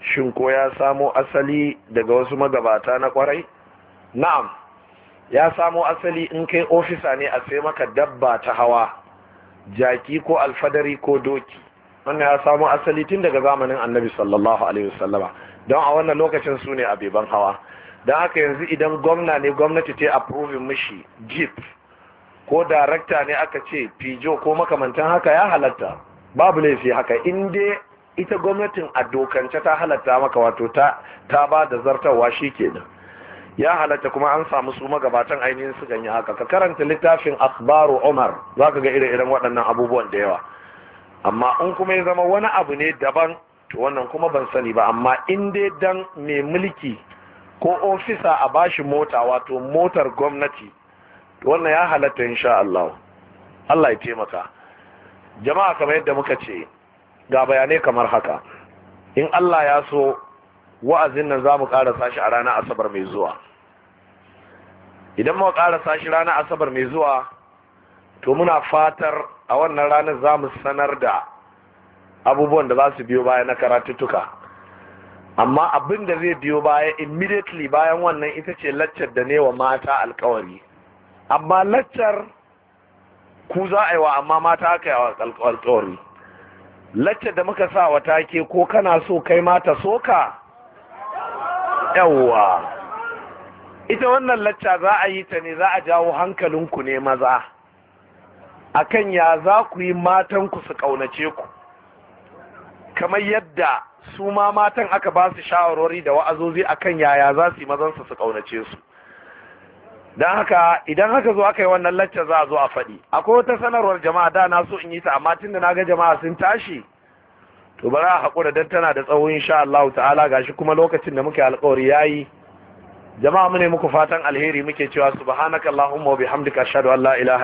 shin ko ya samo asali daga wasu magabata na kwarai na'am ya samo asali in kai ofisa ne a sai maka dabba ta hawa jaki ko alfadari ko doki wannan ya samu asali tun daga zamanin annabi sallallahu alaihi wasallama don a wannan lokacin su ne abeban hawa don haka yanzu idan gwamna ne gwamnati ta approving mushi jeep ko darakta ne aka ce pijo ko makamantan haka ya halatta babu laifi haka in dai ita gwamnatin a dokance ta halatta maka wato ta ba da zartarwa kenan ya halatta kuma an samu su magabatan ainihin su ganye haka ka karanta littafin akhbaru umar zaka ga ire-iren waɗannan abubuwan da yawa amma in kuma ya zama wani abu ne daban to wannan kuma ban sani ba amma in dai dan mai mulki ko ofisa a bashi mota wato motar gwamnati wannan ya halatta insha Allah Allah ya taimaka jama'a kamar yadda muka ce ga bayanai kamar haka in Allah ya so wa'azin nan za mu sashi shi a ranar asabar mai zuwa idan muka ƙarasa shi ranar asabar mai zuwa to muna fatar a wannan ranar za mu sanar da abubuwan da za su biyo baya na karatuttuka amma abin da zai biyo baya immediately bayan wannan ita ce laccar da ne wa mata alkawari amma laccar ku za a yi wa amma mata aka yi wa alkawari laccar da muka sa wa ke ko kana so kai mata ka? yawwa ita wannan lacca za a yi ta ne za a jawo hankalinku ne maza akan ya za ku yi matanku su kaunace ku kamar yadda su ma matan aka ba su shawarwari da wa'azozi akan yaya za su yi mazansu su ƙaunace su don haka idan haka zo aka yi wannan lacca za a zo a faɗi akwai wata sanarwar jama'a da na so in yi ta amma tun da na ga jama'a sun tashi to ba za a haƙura don tana da tsawo insha Allah ta'ala gashi kuma lokacin da muke alƙawari yayi jama'a mu ne muku fatan alheri muke cewa subhanakallahumma wa bihamdika ashhadu an la ilaha